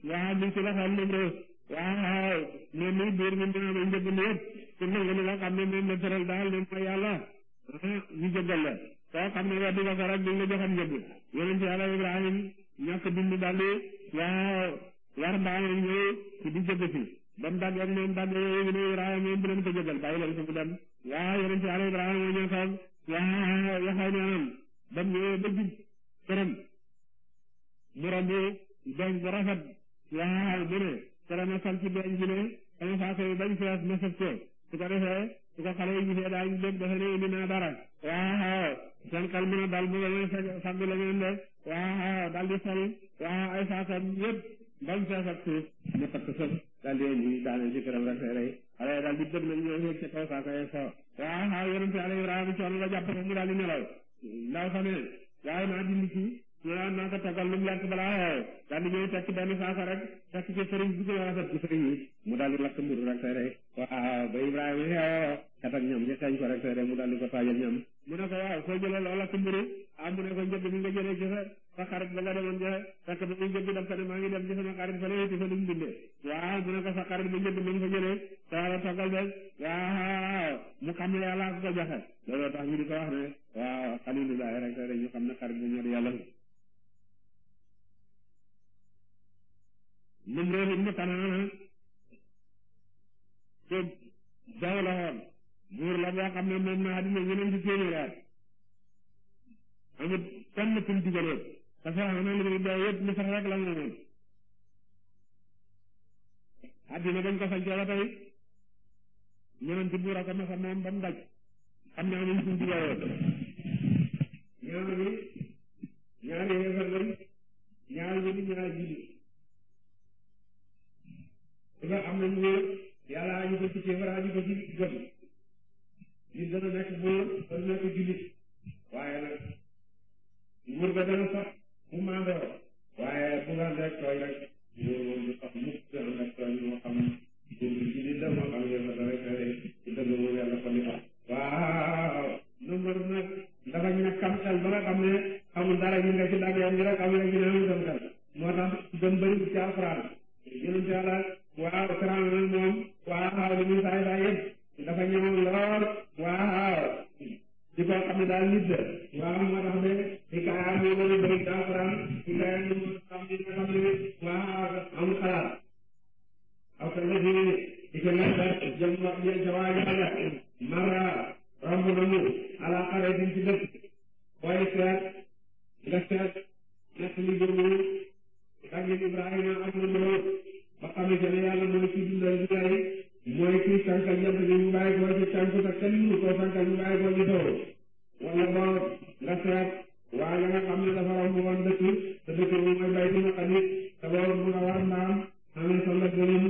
waaw mi ngi ci loxoom moom rek waaw moom mi biir mi dina amee njëg mi yëpp te nag li nga xam ne moom la tëral daal moom mooy yàlla ah, ñu jëgal la koo xam ne weddi nga ko rek duñ la joxoon njëg yonent yàlla Ibrahima ñàkk bind daal di waaw war mbaam ñëw ci di jëg si bam dal yam neen dal yooyu ne Ibrahima yéen du leen ko jégal bàyyi leen ko bu dem yaa yonent ci Yàlla Ibrahima moo ñëw xaw yaa yaxaw neenam bam ñëwee ba jub këram mu romb benn bu rafet yaa mu ne këram a fal ci benn bi ne sama saako yi bañ fees ma sëf ko su ko defee su ko xale yi gisee daañu dégg dafa ne indi naa dara waaw seen xel mën a dal bu ba ma sàgg la ngeen de waaw daal di sol waaw ay saakam yëpp ndam fees ak suuf mu takk sëf daal di indi daane ci këram rek rey xale daal di dëgg nag ñëw yëg ca kaw saako yëg soo waaw ah, ah, waaw yonente yàlla Ibrahima coono la jàpp mu daal di nelaw ndaw xam ne waaye naa dindi ci ñu naan ah, naa ko toggal lu mu lekk balaa xew daal di ñëw tekk benn saako rek tekk ci sëriñ bu gën a rafet ci sëriñ yi mu daal di lakk mburu rek rey waaw ba Ibrahima xew kat ak ñoom ñu xeeñ ko rek rey mu daal di ko taajal ñoom mu sa xarit ba nga demoon ja fekk ba muy njëkk daf ko ne maa ngi dem ci sama xarit fa lay fa duñ bindee waaw mu ne ko sa xarit bu njëkk nañ fa jëlee saa toggal de waaw mu xam ne yàlla ko ko joxe looloo tax ñu di ko wax ne waaw xalilullahi rek rek ñu xam ne xarit bu ñor yàlla lim réew mi mu kanaana ko jaw la woon buur la boo xam ne moom na àddina ñeneen ci téeméer amut kenn kum digaloon te Firawna li muy dee yëpp li sax rek la moomoon addina bañ ko sañ ba tey ñeneen buur a ko ba mu daj xam ne suñ ci yore ñaari ñaari yéefar lañ ñaari yëpp ñaari jullit su nga xam ne nguur yàlla añu ko ci kéefar añu ko nit dana nekk nekk jullit waaye nag nguur sax mu maandoo waaye bu nga def tooñ rek ñëw moom du tax mukk nga def tooñ moo xam jënd ji di dem moo xam yàlla dara kare ci dëgg moom yàlla ko ni am waaw lu mar nag dafa ñàkkam xel ba nga xam ne xamul dara ñu nga ci dagee ngi rek am rek ñu ne amul xel moo tax gën bëri ci alxuraan yonent yàlla waaw saraan moom waaw li muy saay saay yëpp dafa ñëwoon lool waaw ci koo xam ne daal nit la waaw moo tax de xikaaya moo gën a bëri ci alquran xikaaya yi moo xam ne nga xam ne waaw amul xalaat aw ka la jëlee ci ca nekk jëm jawaay yàlla mara romb nañu ala xare bi ci dëkk booy seet nga seet nekk li jëmu dagg Ibrahima am na loolu ba xam ne yàlla mooy ci dundal bi mooy kii sànqal jant bi mu bàyyi ko ci tànku te kenn mënu koo sànqal mu bàyyi ko ci taw wala boog nga seet waa la nga xam ne dafa romb woon dëkk te dëkk bi mooy baytu maqdis te boobu mu nga war naam amee solo gën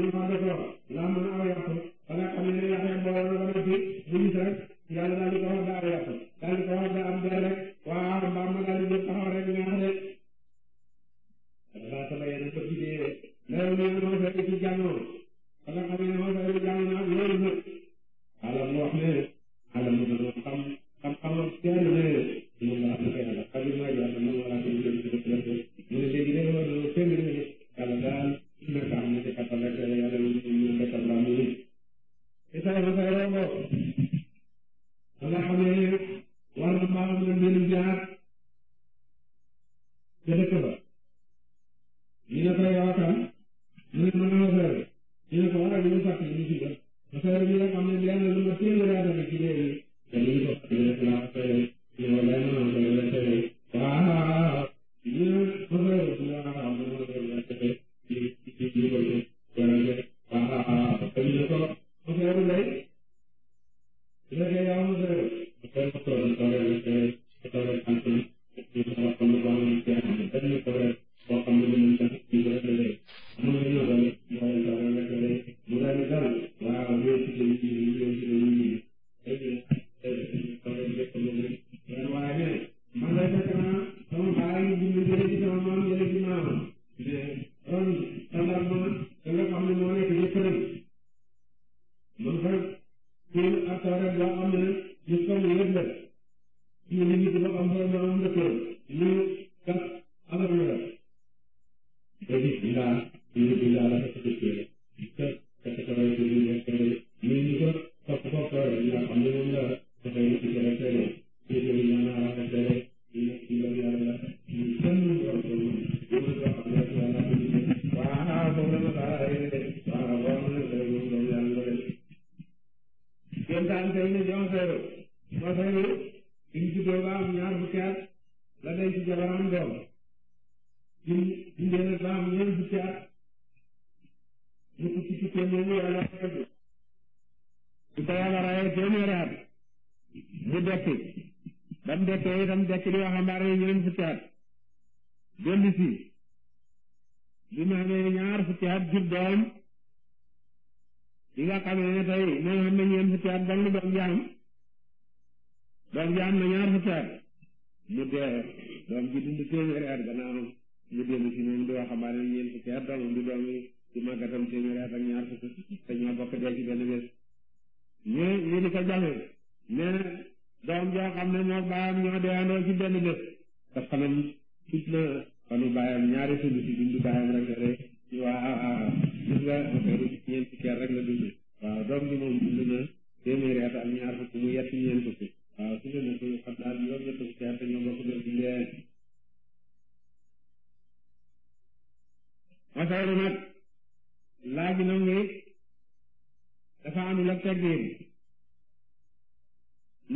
loolu moo def loxo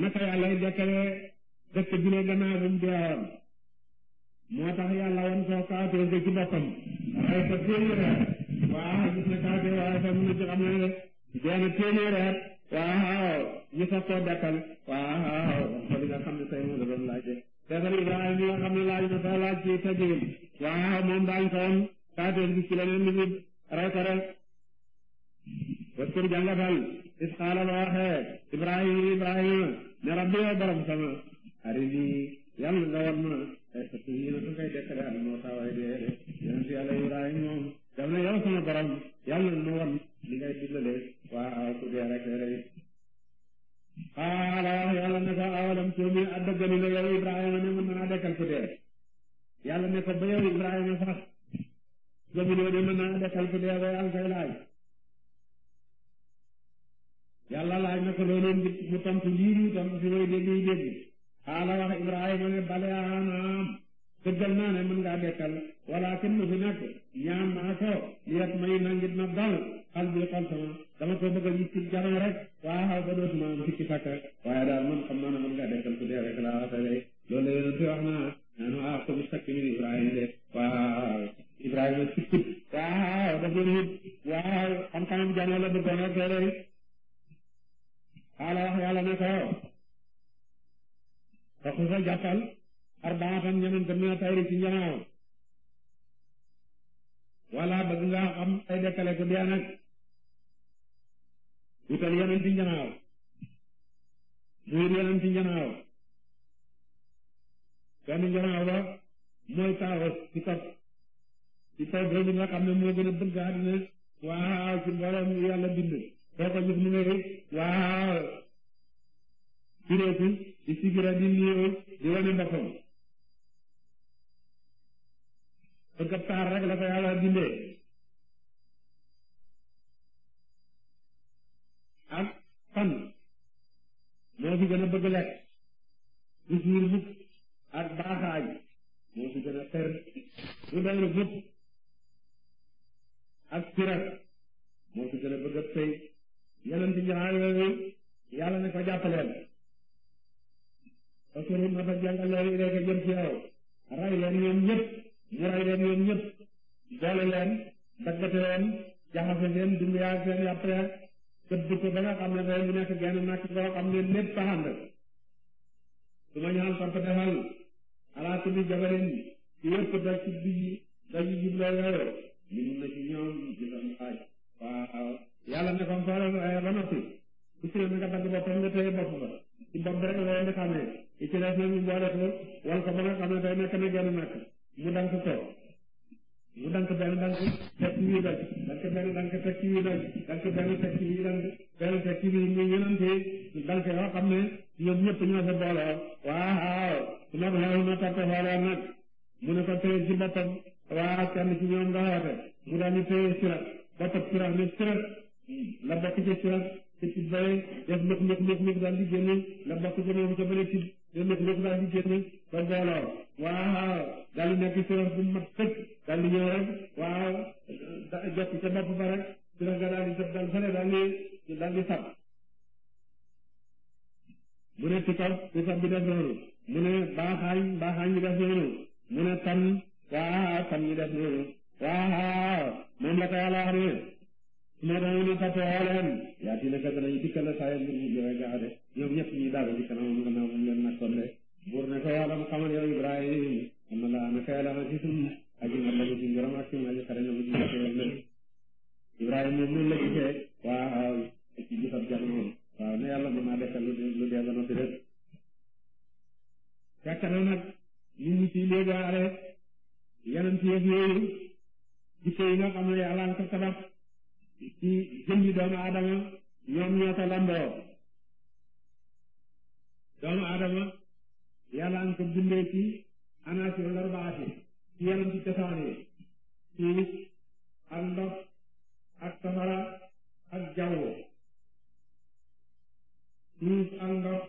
naka yàlla yi dekkalee dëkk bi ne gannaaw bu mu deewoon moo tax yàlla wan ko kaawteef ga ci boppam rey ko téeméeri at waaw gis na kaawteef waaye tam mën na ci xam ne dee na téeméeri at waaw ñu soog koo dekkal waaw ko li nga xam ne tey moom la doon laaj te tamit Ibrahima mi nga xam ne laaj na ko laaj ci tajirim waaw moom daañ ko woon kaawteef gi ci leneen li ñu rey ko rek waskir jàngatal is xaala la waxee ibrahim ibrahima ne rabbi yoo borom sama arini yàlla nga wan ma ay sa tuuti yéen a koy dekkale al moo taawaay dee de yonent yàlla ibrahim moom daf ne yow sama borom yàlla nu wan li ngay diglale ku dee rek rey xaala wax yàlla ne ko awalam tuumi addagali la yow ibrahima ne mën naa dekkal ku dee yàlla ne ko ba yow ibrahima sax gëmuloo ne mën naa dekkal ku dee ba yaa ngi koy yàlla laaj na ko loolu nit mu tontu lii mu tontu si way dégg yi dégg xaala wax Ibrahima ne bale aanaam tëggal naa ne mën ngaa dekkal wala kenn mu fi nekk ñaan liyat may na ngir na dal xal bi xol sama dama ko bëgg a gis ci rek waaw xaw ba dootuma am sikki sàkk waaye daal man xam naa ne mën ngaa dekkal ku dee rek laa wax tey loolu la yonent wax naa naan ah, waaw ko bu rek xaala wax yàlla ne ko fokk sa jàppal arbaatan ñeneen dem na tayri ci njanaaw wala bëgg nga xam ay dekkale ko dee nag wutal yeneen ci njanaaw muur yeneen ci njanaaw benn njanaaw ba mooy taawus ci topp ci taw boobu nga xam ne moo gën a bëgg àddina waaw ci mboolem yàlla bind foo ko gis mu ngi rëcc waaw sureeku di sigira di néew di wane boppam bëgg ab taar rek la ko yàlla dindee ak fan moo fi gën a bëgg lekk du suur mukk ak baaxaaj moo fi gën a fer du dayru mukk ak sirat moo fi gën a bëgg a sëy yonent bi yooyu yàlla ne ko jàppaleen parce que ma fa jàngal leen rek a jëm ci yow ray leen yéen ñëpp ñu ray leen yéen ñëpp boole leen daggate leen jaxase seen dund yaa seen yàpp ya tëdd ko ba nga xam ne day mu nekk genn nakk koo xam ne lépp taxand su ma ñaan parce que defal alaaka bi jabalin ci yëpp daj ci bi daj ci jubloo yooyu ñu mun na ci ñoom di doon xaaj waaw yàlla ne ko mboolem ba noppi ku ci ne nga dagg boppam nga téye bopp ba ci bopp rek la nga xamee li ci des ñu boole ko wal ko ba nga xam ne day nekk ne genn nag mu dank ko mu dank benn dank teg ci wii dank dank benn dank teg ci wii dank dank benn teg ci wii dank benn teg ci wii muy ñenante dank yoo xam ne ñoom ñëpp ñoo fa booloo waaw su ma xew na topp xooloo nag mu ne ko téye ci boppam waaw kenn ci ñoom nga woote mu daal di téye sirat boppam sirat ne sirat la bokk ci sirab te ci bëre def lëkk lëkk lëkk lëkk daal di génn la bokk ci moom te bëre ci te lëkk lëkk daal di génn ba booloo waaw daal di nekk sirab bu mat sëkk daal di ñëw rek waaw jot ca bopp ba rek sirab nga daal di jot daal fële daal di daal di sab mu ne ci kaw ci kaw bi def noonu mu ne baaxaañ baaxaañ ñu def noonu mu ne tan waaw tan ñu def noonu waaw moom la ko yàlla wax ne nee nañu ni Fatou Seye yaa ngi nekk danañ dikkal saa yëngu ñu joxe jaxade ñoom ñëpp ñuy daal di kanam gannaaw ñu leen nakkoon de buur ne ko yàlla mu xamal yow Ibrahima am na laa naka yàlla na ci suñu aji nga xam ci ngërëm ak suñu aji xare ñoom ci nekk yow ne Ibrahima moom noonu la gisee waaw ci gisab jàll moom waaw ne yàlla mën naa dekkal lu dee lu dee ba noppi rek fekk na nag nit ñi ciy léegaale yeneen ci yëf yooyu jikkee yi nga xam ne yàlla ko sabab ci jëmmi doomu aadama ñoom ñoo ko doomu aadama yàlla am ko bindee ci anaasir larbaati ci yeneen ci cosaan ci ak ndox ak safara ak jaww suuf ak ndox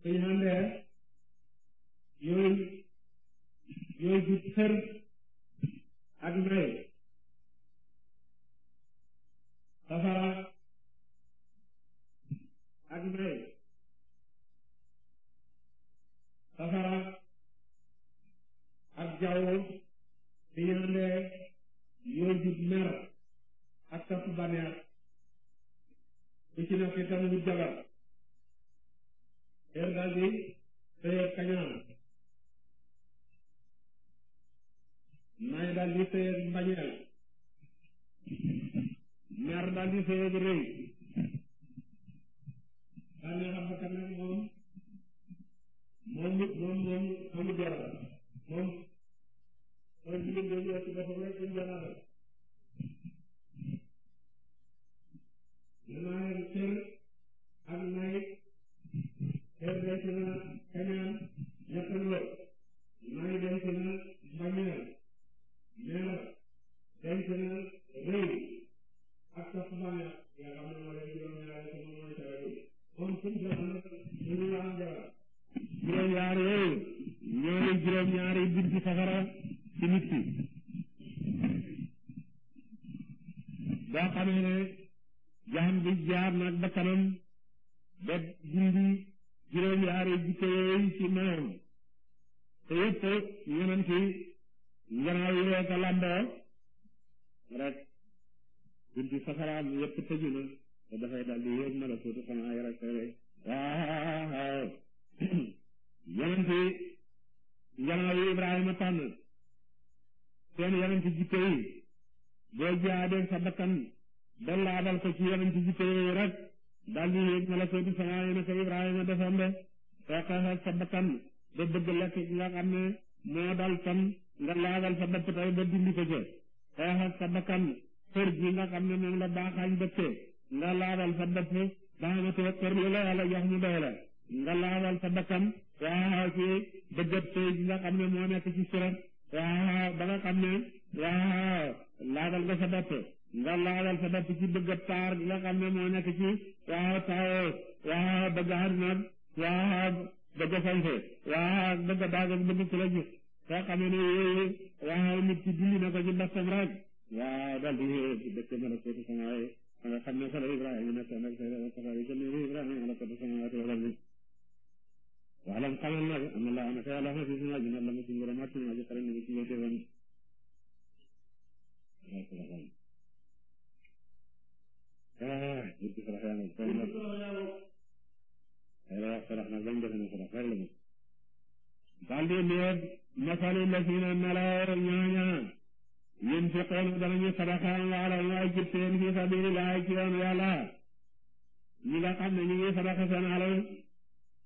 suñu àndee yooyu yooyu ci xër ak nay safara ak mbay safara ak jaww bi yande yoo jub mer ak topp baneex bu ci nekk itam lu jabar léegi daal di téye kañaan may daal ñaar daal di sëyeeg rëy daal di xam bakkan nag moom moom it moom moom amul jaral moom mooy jigéen boobu yor ci boppam rek am jaral la maanaam cër ak nay cër des na kañaan ñettal lool nay denc na mbañeel mer denc na rëy ak topp bànneex nga xam ne moo leen juróom ñaari te moom mooy tawal yi moom suñ ko am suñu la am jabar juróom ñaar yooyu ñooy juróom ñaari bunti safara ci nit ki boo xamee ne jaam bi jaar nag ba kanam ba dindi juróom ñaari jikko yooyu ci moom te yëpp yonent yi gannaaw yi ko lamboo rek bunti safaraam yëpp tëju na te dafay dal di yéeg malakuutu sama yara sere waaw yonent njanaaw yi Ibrahima tànn seen yonent jikko yi boo jihaadee sa bakkan ba laabal ko ci yonent jikko yi rek dal di yéeg malakuutu sama yara naka Ibrahima defoon de soo xeexee sa bakkan bëgg lekk nga xam moo dal tam nga laabal sa bopp tey ba dindi ko ca xeexee sa bakkan kër gi nga xam ne moom la baaxaañ dëppee nga laabal fa dëpp baaxatoo kër li la yàlla jox mu doy nga laabal fa bakkan waaw ci dëggat tey nga xam ne moo nekk ci surat waaw ba nga xam ne waaw laabal nga fa dëpp nga laabal fa dëpp ci dëggat taar gi nga xam ne moo nekk ci waaw taawoo waaw bëgg àdduna waaw bëgg santé waaw bëgg daag bëgg ku la gis nga xam ne yooyu waaw nit ki dindi na waaw daal di ñëw dëkk mën a ko samaaye nga xam ne fala Ibrahima nekk nag safari jëmmeeru Ibrahima la ko samaawaati wala ni waalam xamal nag am na laa am xeex laa fi suma jina la ma ci ngoro màtt naa ci xare ni ci yéete woon daal di leer masalu la fi na nalaar ñooña ñun fi xool danañu sadaqa wa ala ñu ay jub seen fi sabilillahi ci nga xam ne ñu ngi sadaqa seen alal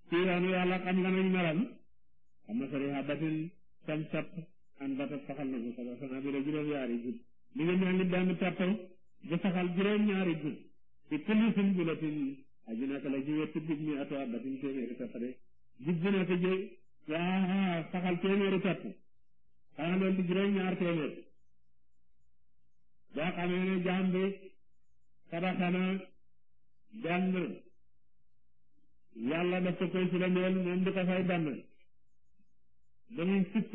ci yoonu nga nañ xam na sori habatin sam sap na ko sadaqa sanabila saxal juróom-ñaari jub ci kulli sun bulatin aju nekk la ci wéttu jub mi atu habatin téeméeri pepp de jub bu nekk ji waa saxal téeméeri pepp xanaa di juróom-ñaar téeméer boo xamee ne jaam bi sadaxa na benn yàlla daf ko koy sulameel moom di ko fay benn ba muy fukk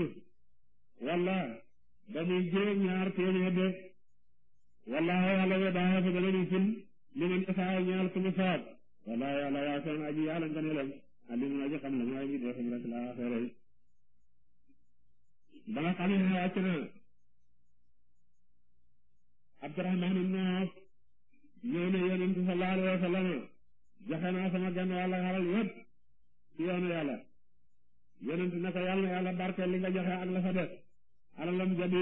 wala ba muy juróom ñaar téeméer de wala yàlla we daa fa dala ni sin li man isaa ñaar ku mu soob wala yàlla waa soon aji yàlla nga ne lam alimun aji xam la mooy mi def rek laa xeere ba nga xam ne wàcc na Abdurahmaan ibn Awf ñëw ne yonent sallallahu alayhi wa sallam joxe naa sama genn yàlla yàlla na li nga joxe ak la fa def alalam ja di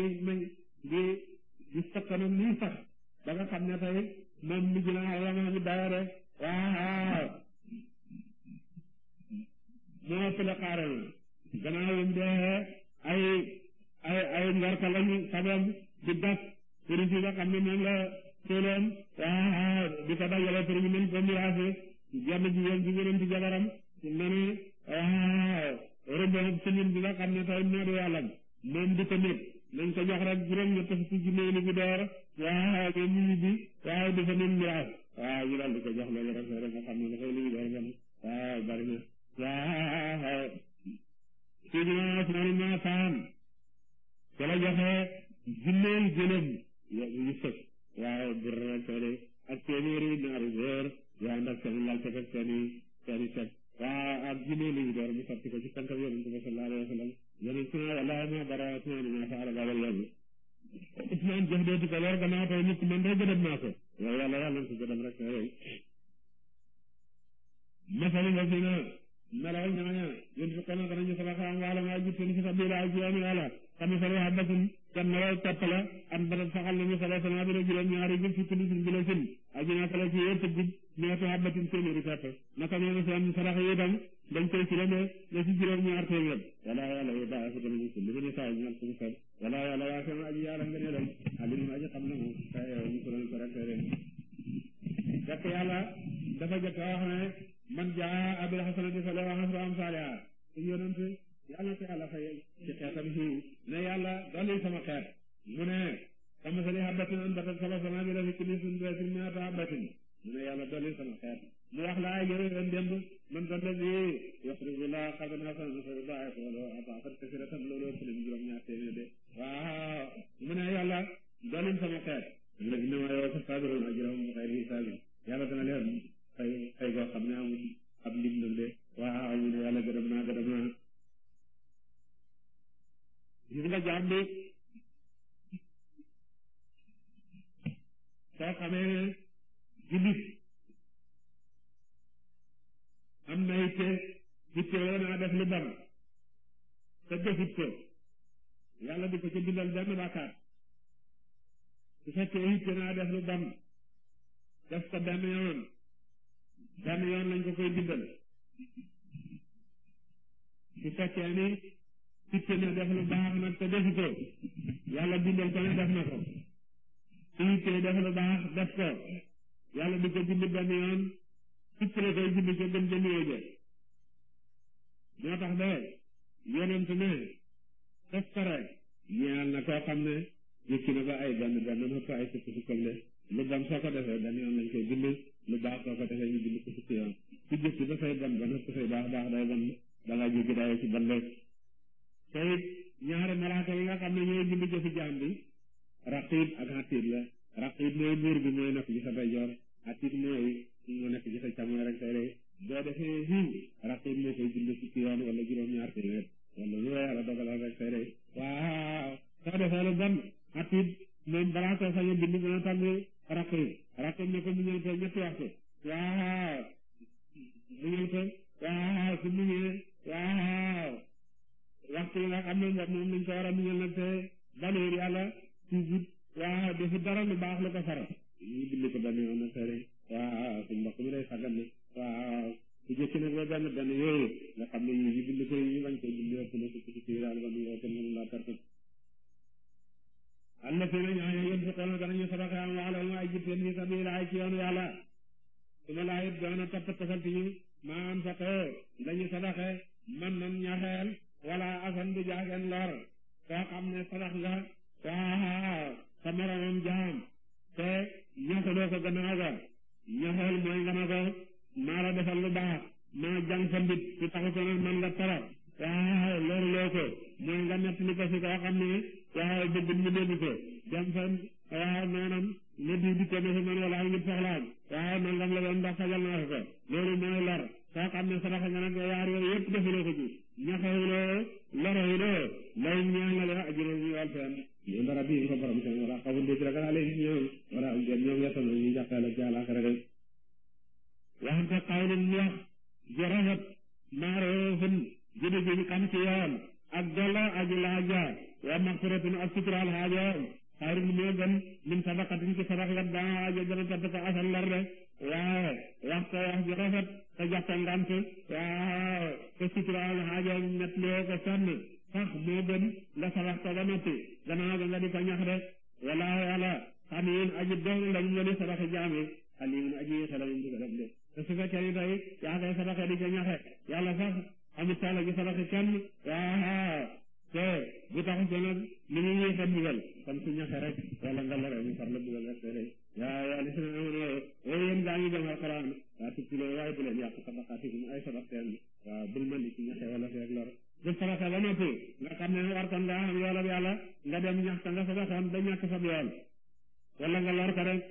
di di sakkanam nii sax ba nga xam ne tey moom mujj na alalam a ngi dayo de waaw moo ëppale na gannaaw yum dee ay ay ay ngarka lañu sabam di gas sëriñ si nga xam ne moom la teeloon ah di ko dajale pour ñu mën ko miraase jenn jigéen ci gërëm ci jabaram ne ne ah rëbb sëriñ bi nga xam ne tey noodu yàlla moom di ko nëb nañ ko jox rek juróom-ñett fukki junne ni bi door waaw ñoom ñu ngi ji waaw dafa mën miraas waaw ñu daal di ko jox loolu rek rek nga xam ne dafay li ñu door bon waaw bari na waaw sëriñ Ousmane Massane ca la joxe junneel gëlëm yéen ñu ngi fës waaye bu rëdd ak seen i réew ñaari weer yaa ngi nag seen i laajte ak seen i seen i set waaw ak jëlee lañu door mu sotti ko ci tànkam yonent bi sallallahu alayhi wa sallam yonent bi wallaahi ma dara Usmaan ma faala babal yàlla Usmaan jox deeti ko lor gannaaw tey nit man day gëdëm naa ko yow yàlla na ko gëdëm rek yooyu masalu la fi na melal ñooña yéen fi kono danañu sala xaam wala maa jutteen fi sabila kamisali habatin kam nawe toppala an badat saxal nañu sala sana bira juróom ñaari jëf ci tudd sin bila sin ajina sala ci yéen tëgg ñeeti habatin téeméeri fett naka noonu islam sarax yi itam dañ koy filame na ci juróom ñaar téeméer wala yàlla yo baa fotamñu sili fini saay ñal suñu sal wala yàlla yaa sama aji yaaram nga neelam alim aji xam na mu kayo ñu ko doon ko raktereen fekk yàlla dafa jëkk wax ne man jaa abil hasanati fala wa asra am saaliha suñu yonante yàlla ko yàlla fay ci xeetam hiiw ne yàlla dolli sama xeet mu ne kamasali habbatin anbatat saba sanaabila fi kulli sunbulatin mi'atu habbatin mu ne yàlla dolli sama xeet mu wax laa jërëjëf démb man sa lëg yaqridu llaaha qardan hasanan fa yudaa'ifu lahu ad'afan kasiiratan looloo ci leen juróom ñaar téeméer de waaw mu ne yàlla dolli sama xeet léegi ne ma yow sa sabiroon ajrahum bi xayri hisaabin yàlla dana leen fay fay goo xam ne amul ab lim de waaw ñu ne yàlla gërëm naa gërëm naa gis nga jaam bi soo xamee jullit am na itte itte woo def lu bon te defut ko yàlla di ko ci bindal benn bàkkaar su fekkee itte naa def lu bon def ko benn yoon benn yoon ko koy bindal su fekkee ni itte na def lu baax nag te defu ko yàlla bindal ko ne def na ko itte def lu baax def ko yàlla di ko bind benn yoon na koy bind ko dem tax ba yonent na ko ay benn benn ma ko koy bind lu baax soo ko defee ñu bind ko fukki yoon ku jëkk dafay bon ba nag dafay baax baax day bon dangay jéggi daay ci bon te it ñaari malaaka yi nga xam ne ñooy bind jëfi jaam bi raqib ak atid la raqib mooy miir mooy nekk ci sa ndeyjoor atid mooy mu nekk ci sa càmmoñ rek tey rek boo defee hiiñ raqib moo koy bind fukki yoon wala juróom-ñaar téeméer wala lu la yàlla dogaloon rek tey rek waaw soo defee lu bon atid moom balaa soo sañ a bind mën a tàggu raqib raqib ne ko mu ñëw tey ñetti waxtu waaw mu ñëw tey waaw su mu ñëwee waxtu yi nag am na ndox moom lañ ko war a muñal nag te baneer yàlla toujours waaw defu dara lu baax la ko faral ñu bind ko benn yoon nag sare waaw su day sagal ne waaw su jëkk nag ba benn yooyu nga xam ne ñu bind ko ñu bañ ko bind ëpp na ci ci daal ba ñu ëpp na la am na seen ñoo yéen fi xool danañu sadaqa am wax la ma ay jëf ni saraxan du jaagen lor soo xam ne sarax nga saa sa moromam jaam te ñaxaloo ko gannaaw ga ñaxal mooy nga na ko maa la defal baax maa jàng sa mbit su taxutoon man nga tara waaw loolu loo ko mooy nga nettali ko si koo xam ne waaw bëgg ñu dégg ko dem fa waaw maanaam ne diw di tene si man wala ay nit soxlaam waaw nangam la doon ndax fajal naa ko loolu mooy lor soo xam ne saraxa nga nag yaar yooyu yëpp defaloo ko ci li xewloo la reyloo lay ñaan na la ajuró ñu wàl fen min rabbi fa borom seen wala xawun dég ragal ale i ñoom wala den ñoom yettano ñu jàppeel ak àlaxira de waxam ko xawlin wax ji rafet maaroofun jëdi jëñ xam ci yoon ak dolo aji laaja wa maxfiratun ak sutural xaajoom xayrun moo gën min sadaqatin ci sadax yat daa ajo dana tadd ko asal lor de waaw wax ko wax ji rafet te jàppe ngant waaw te suturaal xaajoom net lee ko sonn sax moo gën nga sawax ko ba noppi gannaaw ga nga di ko ñax rek wala wala xamiin aji dong lañ nga di saraxe jaami xalimun aji xelam dugalam de te su di ko ñaxe yàlla sax amut taala gi saraxe kenn waaw te bu tax ko nag li ñu ñuy xet bugal kon su ñaxe rek wala nga lore mu far la bugal rek yaa yaa li si ne ma ne waaye yéen gaa ngi jëm alxuraan waa tukki loolu waaye bu leen yàq sadaqaatikum ay sadaq seen waaw bul mel ni ci ñaxe wala feeg lor def sadaka ba noppi nga xam ne war kon nga am yoolab yàlla nga dem nga sadaxoon da ñàkk sab yool wala nga lor ko rek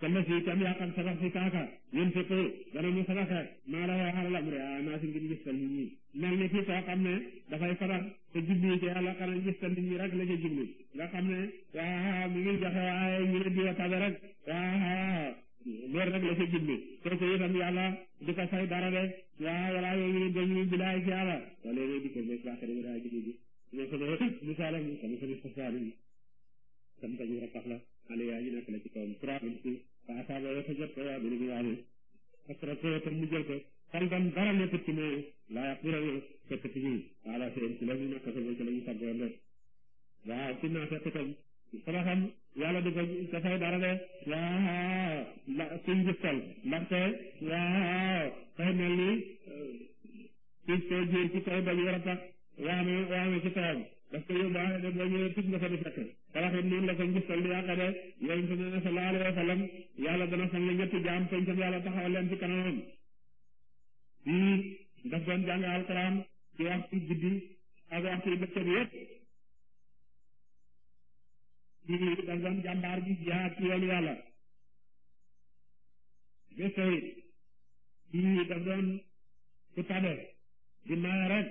kalla si kam yàqal sadaq si kaaka yéen fekk dana mu sadaka maa la waxal la mu re a naa si ngir ngistal nit ñi mel ni ki soo xam ne dafay faral te jublu ci yàlla xanaa gis te nit ñi rek la ca jublu nga xam ne waaw mi ngi joxe waaye ñu ne diwa tabe rek waaw loolu rek la ca jublu kooku itam yàlla di ko fay dara de waaw wala yooyu ñu ne bilaay ci yàlla wala yooyu di ko bés baax rek daa jublu bi mais yi la Aliou yaa ngi nekk la ci kawam trois minutes jot ko waaw dina ñu waale parce que te mu jël ko. kon kon dara nekkul ci loolu laa yàq loolu fekk ci ñun voilà ci la ñu nekk ci xam yàlla di ko dafay dara de waaw la suñ gis-tal ndaxte waaw xëy na lii euh, suñ soo ba ñu war a waame waame ci kawam daf koy yóbbaale de boo ñëwee tuuti nga fa di fekk tabax la ko di yàq de yéen fi mu ne sallallahu alayhi wa sallam yàlla dana fan la ñetti jaam peñ yàlla taxawal leen ci fii hmm. daf doon jàng alxuraan ci waxtu guddi ak waxtu bëccëg yépp fii daf doon jàmbaar ji jihaad ci yoonu yàlla bés tawit fii daf doon ku tabe di maye rek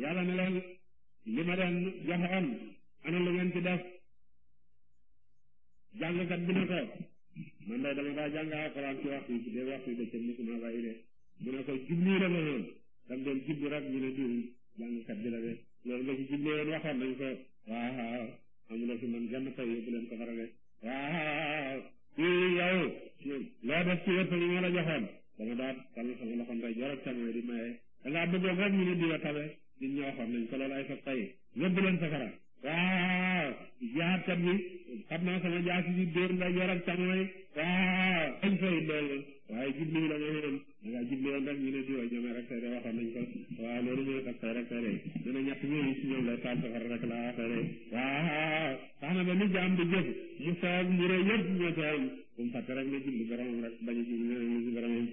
yàlla ne leen li ma leen joxoon ana lu ngeen def jàngkat bi ne ko man day dama daa jàng alxuraan ci waxtu yi ci dee waxtu yi bëccëg ni su ma bàyyi mu ne ko jublu la ma woon tam doon jublu rek ñu ne diw jàngkat bi la de loolu nga ci jublu woon waxoon nañ ko waaw waaw amuloo ci man genn pay yóbbu leen ko dara de waaw kii yow loo def ci wërsëg yi ma la joxoon dama daal tànn sama loxo ndey jorot càmmooy di maye da ngaa bëggoon rek ñu ne diwa tabe nit ñi waxoon nañ ko loolu ay sa pay yóbbu leen safara waaw jaatkat bi xam naa sama jaasi ji dóor ndey jorot càmmooy waaw am sooy mel waaye jublu ñu la moom itam da ngaa jublu woon rek ñu ne diwa jëme rek tey de waxoon nañ ko waaw loolu ñu ne tax tey rek tey de dina ñett ñooñu si ñoom la taal safara rek laa tey de waaw tax na ba li jaam di jëf mu soog mu rëy yëpp ñoo ko am bu mu fàtte rek ne jublu boromam rek bañ a jublu ne si boromam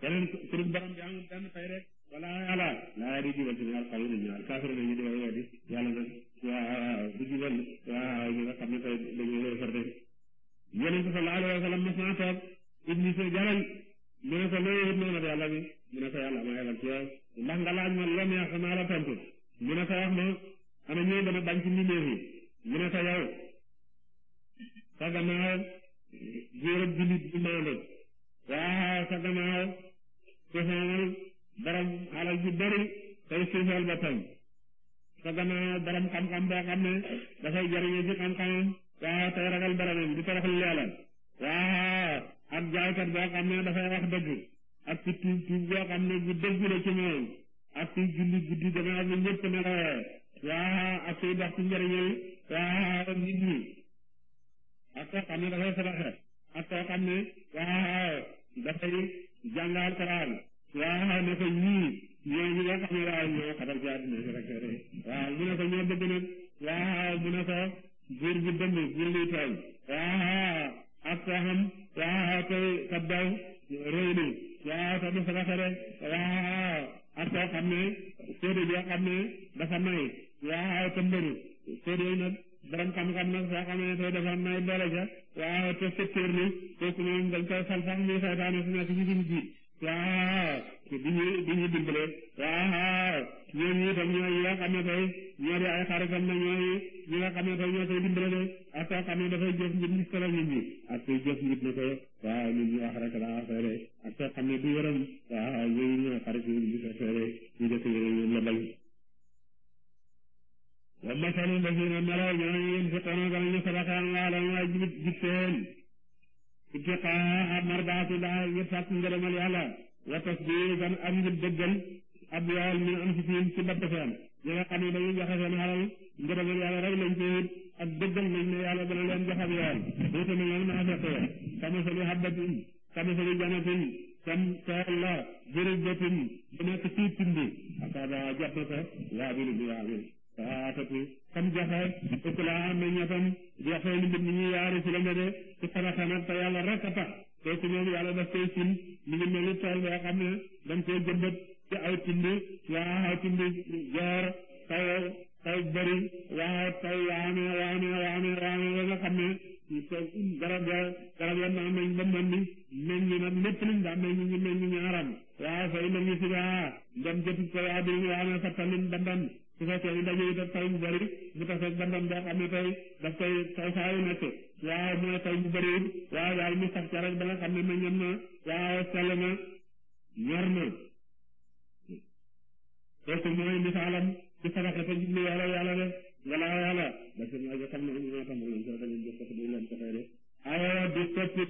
keneen ku dul borom bi amul benn fay rek wala yàlla laa di jubal ci ñaar xaw yi ne ñaar kaafir nañu di wax yàlla nag waaw du jubal waaw ñi nga xam ne tey dañoo lay far de yonent sallallahu alayhi wa mos naa toog Iblis jarañ mu ne ko looy yëpp noonu yàlla bi mu ne ko yàlla maa yebal ci yow ndax nga laaj ma lom yaa xanaa la tontu mu ne ko wax ma bañ ci mbindeef yi mu ne ko yow sa gannaaw góorab jullit bu maandu waaw sa gannaaw suufaamal borom alal ju xam-xam boo xam ne dafay jariñu ci xam-xamam waaw tey ragal boromam di toroxal leelal waaw ak jaaykat boo xam ne dafay wax dëgg ak ci tuub boo xam ne bu dëgg la ci moom ak ci julli guddi gannaaw bi ñëpp na rawee waaw ak ci dox ci njëriñal waaw nit ñi ak koo ne dafay sadaxe ak koo xam ne waaw dafay jàngal Alxuraan waaw ne ko ñii ñooñu nga ne waaw ñoo xatal ci àddina si rek waaw mu ne ko ñoo bëgg mu ne ko góor gu dëng góor guy tooñ ak koo xam aa tey kat daw rëy na aa te dafa rafere aa ak koo xam ne seede joo dafa nay aa te mbëru seede yi nag borom xam-xam nag soo xam ne tey dafa nay doole ja aa te secteur ni kooku moom dañ koy fal sax muy saytaane su nekk ci suñu ji aa di ñu di ñu dimbale waaw ñooñu itam ñooy ñi nga xam ne tey ñoo di ay xaritam na ñooy ñi nga xam ne tey ñoo koy dimbale de ak koo xam ne dafay jëf nit ñi solo nit ñi ak koy jëf nit ne ko waaw nit ñi wax rek la wax fee de ak koo xam ne du yërëm waaw ñooñu ñooy xarit yi ñu ko fee de ñu def yére ñu lebal wa masalu lazina melaw ñooñu yunfiquna danañu sadaqa amwaalahum ay jib jib seen ittiqaa mardaati llah ngir sàkk ngërëmal yàlla wa tasdiqan ak ngir dëggal abyaal min anfusihim ci bopp seen ñi nga xam ne dañuy joxe seen alal ngërëmal yàlla rek lañ ci it ak dëggal nañ ne yàlla dana leen jox abyaal dootu ne leen naa fekk ya kamasali habbatin kamasali janatin sam tool la jërëjëtin bu nekk ci tindi asaba jàpp ko rek a tax te ci ñoom yàlla daf sin mi ngi mel ni tool boo xam koy jëmbat ci ay tindi waaw tindi joor taw taw bëri waaw taw waame waame waame waame ba nga xam ne garab ya garab ya naa meñ ba mën ni meñ ñi nag lépp liñ daa meñ ñi meñ ñi ñaaram waaw fay meñ ñi si baa ndam jëtu ko waa bi waame fattalim bandam su fekkee ni dajee itam taw bu mu tax bandam boo xam ne tey daf koy taw saayu nekk waaw mooy taw bu bëriwul waaw waaye ñu sax ca rek ba nga xam ne meññam na waaw sell na ñor na kooku mooy misaalam ci sadaqa fa jublu yàlla yàlla di soppi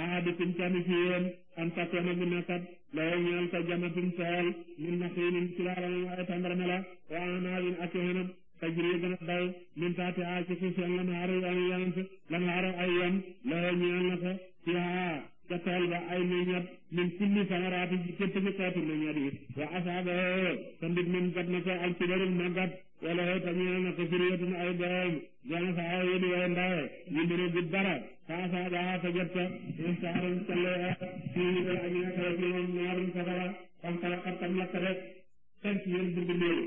ah di tim cami fi yéen an takkona bu nekkat lawo ñeel ko jamatum sool min naxiinin ci laarama waaye tàndarme la wa anabin ak xenam tajri dana daw min taati a ci suuf lan xaaru ay yant lan xaaru ay yam loxo ñeel na ko ci aa ca tool ba ay meññat min kulli samaraati ci képp ci xeetu yi wa asaaba te mbir min bat na ko al kibarul màggat wala xew te ñeel na ko suriyatun ay doom jana sa ay yéen way ndaw ñu mbiri bu dara fa asaaba ta jot ko insaarun callee fii añee kaw ci moom naarun safara xam xalaxat tam lakk rek xeet yéen burdu léegi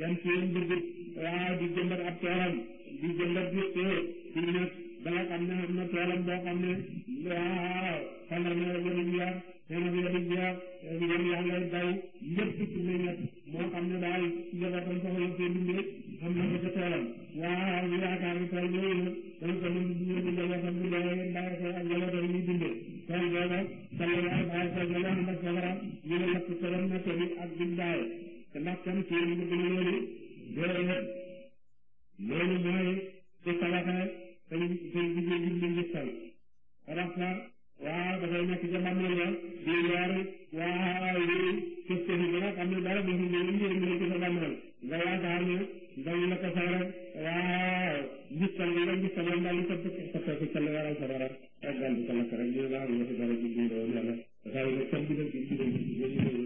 kenn seen mbir bi waaw di jëmbat ab toolam di jëmbat di xëy di ñett ba nga xam ne am na toolam boo xam ne waaw fan la nawet bi di jeex seen nawet bi jeex yéen yàlla bay lépp ci lay ñett moo xam ne daal njabootam soxla seen mbir am na ko ca toolam waaw ñu yaakaar ne tool yooyu nag dañ ko mën di ñëw di njabootam di doole bàyyi ko ak njabootam ñuy dundee tool boobu sallallahu alayhi wa sallam ñu ne nag toolam nekk bi ak bi bàyyi te ndax tam téere bu gën loolu doy na loolu mooy ci sadaka sañ sañ liggéey bi ñu gisal sadaka waaw dafay nekk ca bàmmeel ya di weer waaw yooyu cëf cëf yi ba nga xam ne dara defu loolu njëriñ la ci sa bàmmeel nga yaakaar ne ndaw la nga gisal yoon daal di sa sa la waral sa dara ak daal di sa lakk rek ñu ne la am nga si dara ji biir yàlla dafay ne cam bi nag bi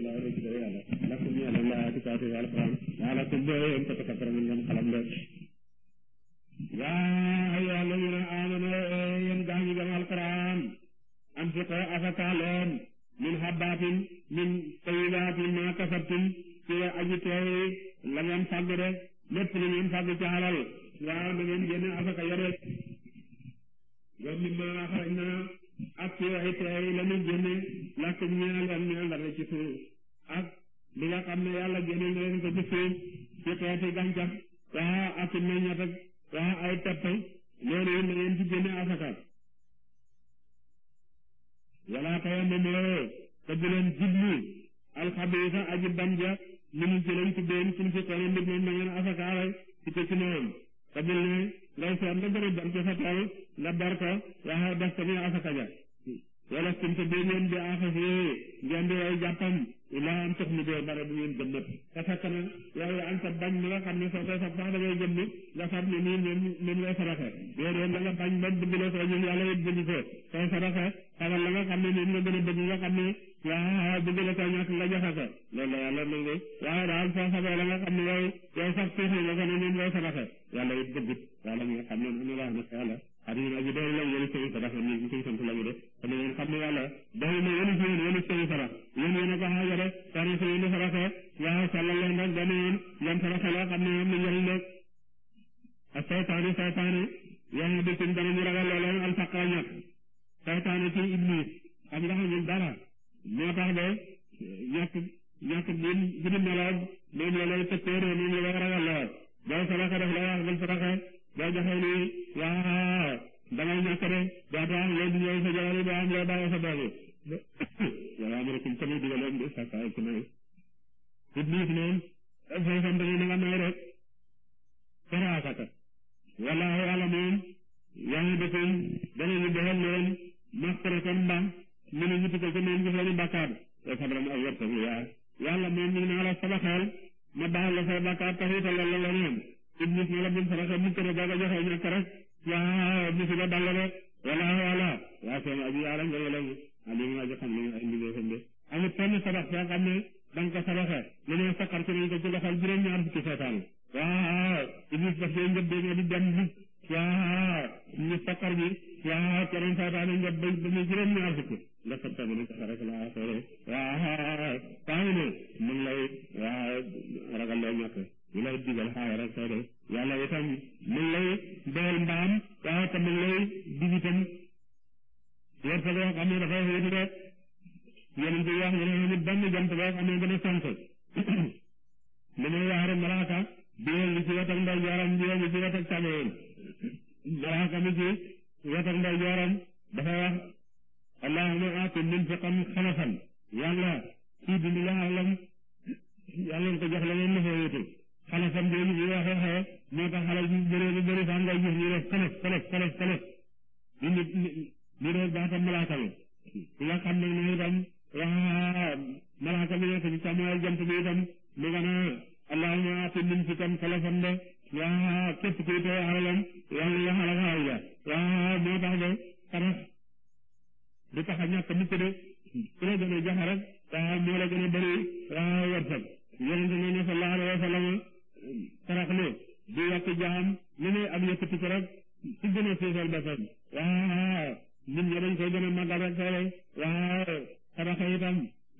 saatu yi alquran wala tuddee tatakabbara min ngeen xalam de yaa ayyuha alladina amanu yéen gaa ñi gëm alquran anfiqo asaka leen min habbatin min tayibatin ma kasabtum ci aji teey la ngeen fàgg de lépp lu ngeen fàgg ci alal waaw na ngeen génne asaka yore yow mi ma xaraj na ak ci waxi teey la ñu génne lakk ñeel ak ñeel dara ci suuf ak li nga xam ne yàlla génneel na leen ko ci suuf ci xeeti gàncax saa ak meññat ak saa ay tepp loolu na ngeen ci génne asaka wala tayammamoo te bu leen jublu alxabiisa aji banja ni mu jëlee ci benn suñ fi xoolee nit moom na ngeen asakaale ci ko ci noonu te bu ne ngay seet la gën a bar ci sa tool nga bar ko waaw def ko asaka ja wala suñ ko béy ngeen di afas ngeen di way jàppam ilaa am tëxni bee dara du ngeen gëm lépp te fekk na yow yaa am bañ li nga xam ne soo koy fab sax da ngay gëm ni nga fab ni nii nen nen ngay saraxe déedéet la nga bañ ba bëggale ko ñun yàlla yëpp bëgg ko sooy saraxe xamal la nga xam ne nen nga gën a bëgg nga xam ne yaa bëggale ko ñàkk nga joxe ko loolu la yàlla nangu waaye daal soo xamee la nga xam ne yow yow sax tuuti nga ko ne nen ngay saraxe yàlla yëpp bëggut yàlla mi nga xam ne nu la wax na yàlla adduna bi doon la yéen seen sarax yéen ñi suñ sant lañu de te da ngeen xam ne yàlla doon na yéen ci yéen yéen seen sarax yéen yéen a ko xaaja de sarax yéen saraxe waaw sàllal leen rek benn yoon yan sarax la xam ne am na njëriñ de ak saytaane saytaane yaa di suñ dana ñu ragal loola al faqa ñàkk saytaane ci iblis ak nga xam ne dara moo tax de ñàkk ñàkk biin gidi meloog moom la lay tëppee moom la lay ragal loo boo saraxe def la yaa ngal saraxe boo joxee lii waaw dangay ñàkk de doo am loo dugal sa jabar yi doo am loo bàyyi sa doom yi wala amarakum tamit digaloon de sàkkaay ci may iblis moom feesam dañu na nga may rek saraasaka wallaahu yàlla moom yaani dëkkum danañu doxal leen maskaratan ba mu ne ñu tukkal ko moom ci seeni te sabram ak wërsëg yaa yàlla moom ñu naa la sama xel ma la say bàkkaar taxiital la la iblis na la bin saraka mu kere gaga joxe ñu karak yaa bisi ba dalla de wala wala yaa seen aji yaaram nga yelam alim na ji xam li ay mbigee seen de amul fenn sabax soo xam ne danga ko sabaxe lu ne sakkar ci nañ ko ci loxol juróom ñaar fukki seetaan yaa nga di dem bi yaa ñu sakkar bi yaa keneen seetaan yi njëb ba mu juróom ñaar fukki nga sabta bi ni sax rek laa sore yaa taa mu ne mu lu lay digal xaaral rek soo def yàlla itam mi ngi lay doyal mbaam waaye tam mi ngi lay dig itam wërsëg yoo xam ne dafay wéetu rek yeneen bi wax yeneen nit benn jant boo xam ne gën a sant li muy wax rek malaaka biir li ci wet ak ndaw jooram biir li ci wet ak càmmoñ malaaka mi ci wet ak ndaw jooram dafay wax allahumma aati munfiqan xalafan yàlla kii dindi la alam yàlla ko jox la ngeen nafoo wéetu xale fan lu weexee moo tax xale yu bëree bëri sax ngay gis ñu nga xam ne mooy itam malaaka bi nekk ci càmmoñal jant bi itam mu nga naa allahumma aati min ci tam téléphone de yaa moo tax de tabax du tax a ñàkk mukk de ku la gën a jafe rek moo la gën a bëri yaa wërsëg yonente ne sallallahu alayhi wa sallam taraxle di yàq jaam ñu ne ak yëkkati ko rek ci gën a feesal basam waaw nit ñi dañ koy gën a màggal rek solo waaw taraxa itam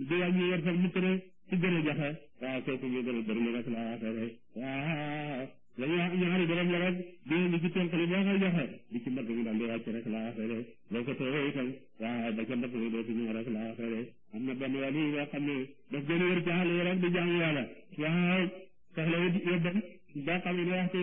di wàññi wërsëg mukk ne ci gën a jaxe waaw kooku ñu gën a bëri rek la waxee waaw dañuy rek di li ci tënk li boo koy joxe di ci mbagg mi daal di wàcc rek la waxee de boo ko tooyee itam waaw da ca mbagg rek la waxee de am na benn wàll yi nga xam ne daf gën a wér ci àll yi rek di jaamu yàlla waaw soxla yóbbam ba xam ne waxtu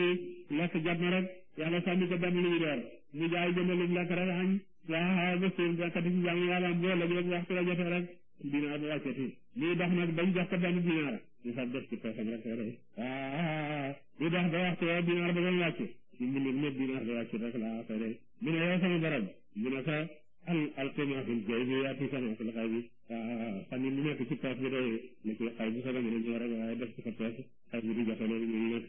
lekk jot na rek yàlla sànni ko benn lu ñu door mu jaay jënd lu mu lekk rek añ waaw waaw ba suur dakati si jàng yàlla am boo lañu rek waxtu la jotee rek dinaar bu wàccati lii dox nag bañ jox ko benn dinaar ñu fab def ci poosam rek rek waaw lii dox ba waxtu wa dinaar ba doon wàcc ci mbilir ne dinaar ba wàcc rek laa waxee rek mu ne yow sama borom mu ne ko al al ximaaxil jay bi yaa tiisan xil xay bi waaw fan yi lu nekk ci poos bi day la ci xay bu sa dama ne jox rek waaye def ci ko poos ak yi di jafanoo ñu nekk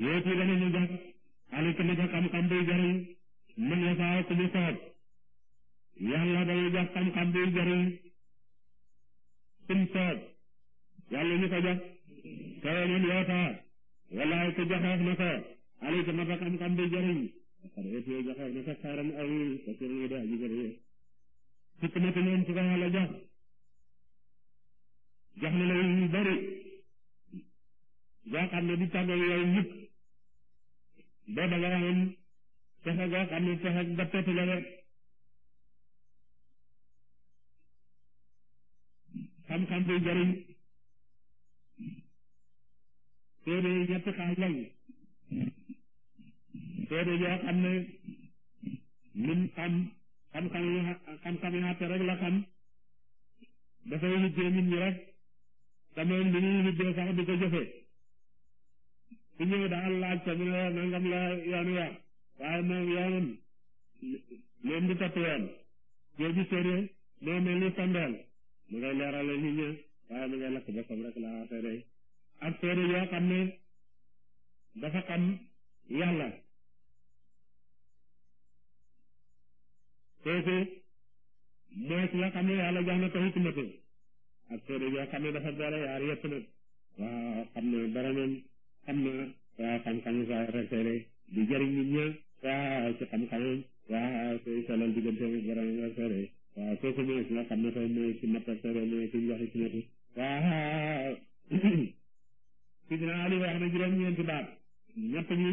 yéet yi dana ñu jàpp xale ku nekk xam-xam buy jariñ mën ya saa ku mu soob yàlla dana jàpp xam-xam buy jariñ kum soob yàlla ñu ko jàpp kawe man yootaa wallaay ku jaxoof na ko xale ku nekk xam-xam buy jariñ ku jaxoof na ko xaaram awi parce jox na leen yu bëri ne di tàggat yooyu nit boo danga waxoon pexe goo ne pexe ga pexe la rek xam-xam buy jëriñ téere yi ñetti xaaj lañ téere yoo xam ne lim xam xam-xam yi xam rek la xam dafay liggéey nit ñi rek te moom li ñuy liggéey sax di ko jëfe su ñëw daal laaj ko ñu ne la nangam la yoon wa waaye moom yoonam moom di topp yoon jooju sëre moo mel ni sondeel mu ngay leerale nit ña waaye mu ngay lakk boppam rek la waxee day ak sëre yoo xam ne dafa xam yàlla kooku mooy ki nga xam ne yàlla jox na ko hikmatu ak téere yoo xam ne dafa boole yaar yëpp nag waaw xam ne boromam xam na waaw xam-xam saa rek di jëriñ nit ña waaw ci xam-xamam waaw koy solal diggante boromam ak téere waaw kooku mooy ki nga xam ne tey mooy ci natt ak téere mooy ki joxe ci nattu waaw sidina Ali wax na juróom-ñeenti baat ñett ñi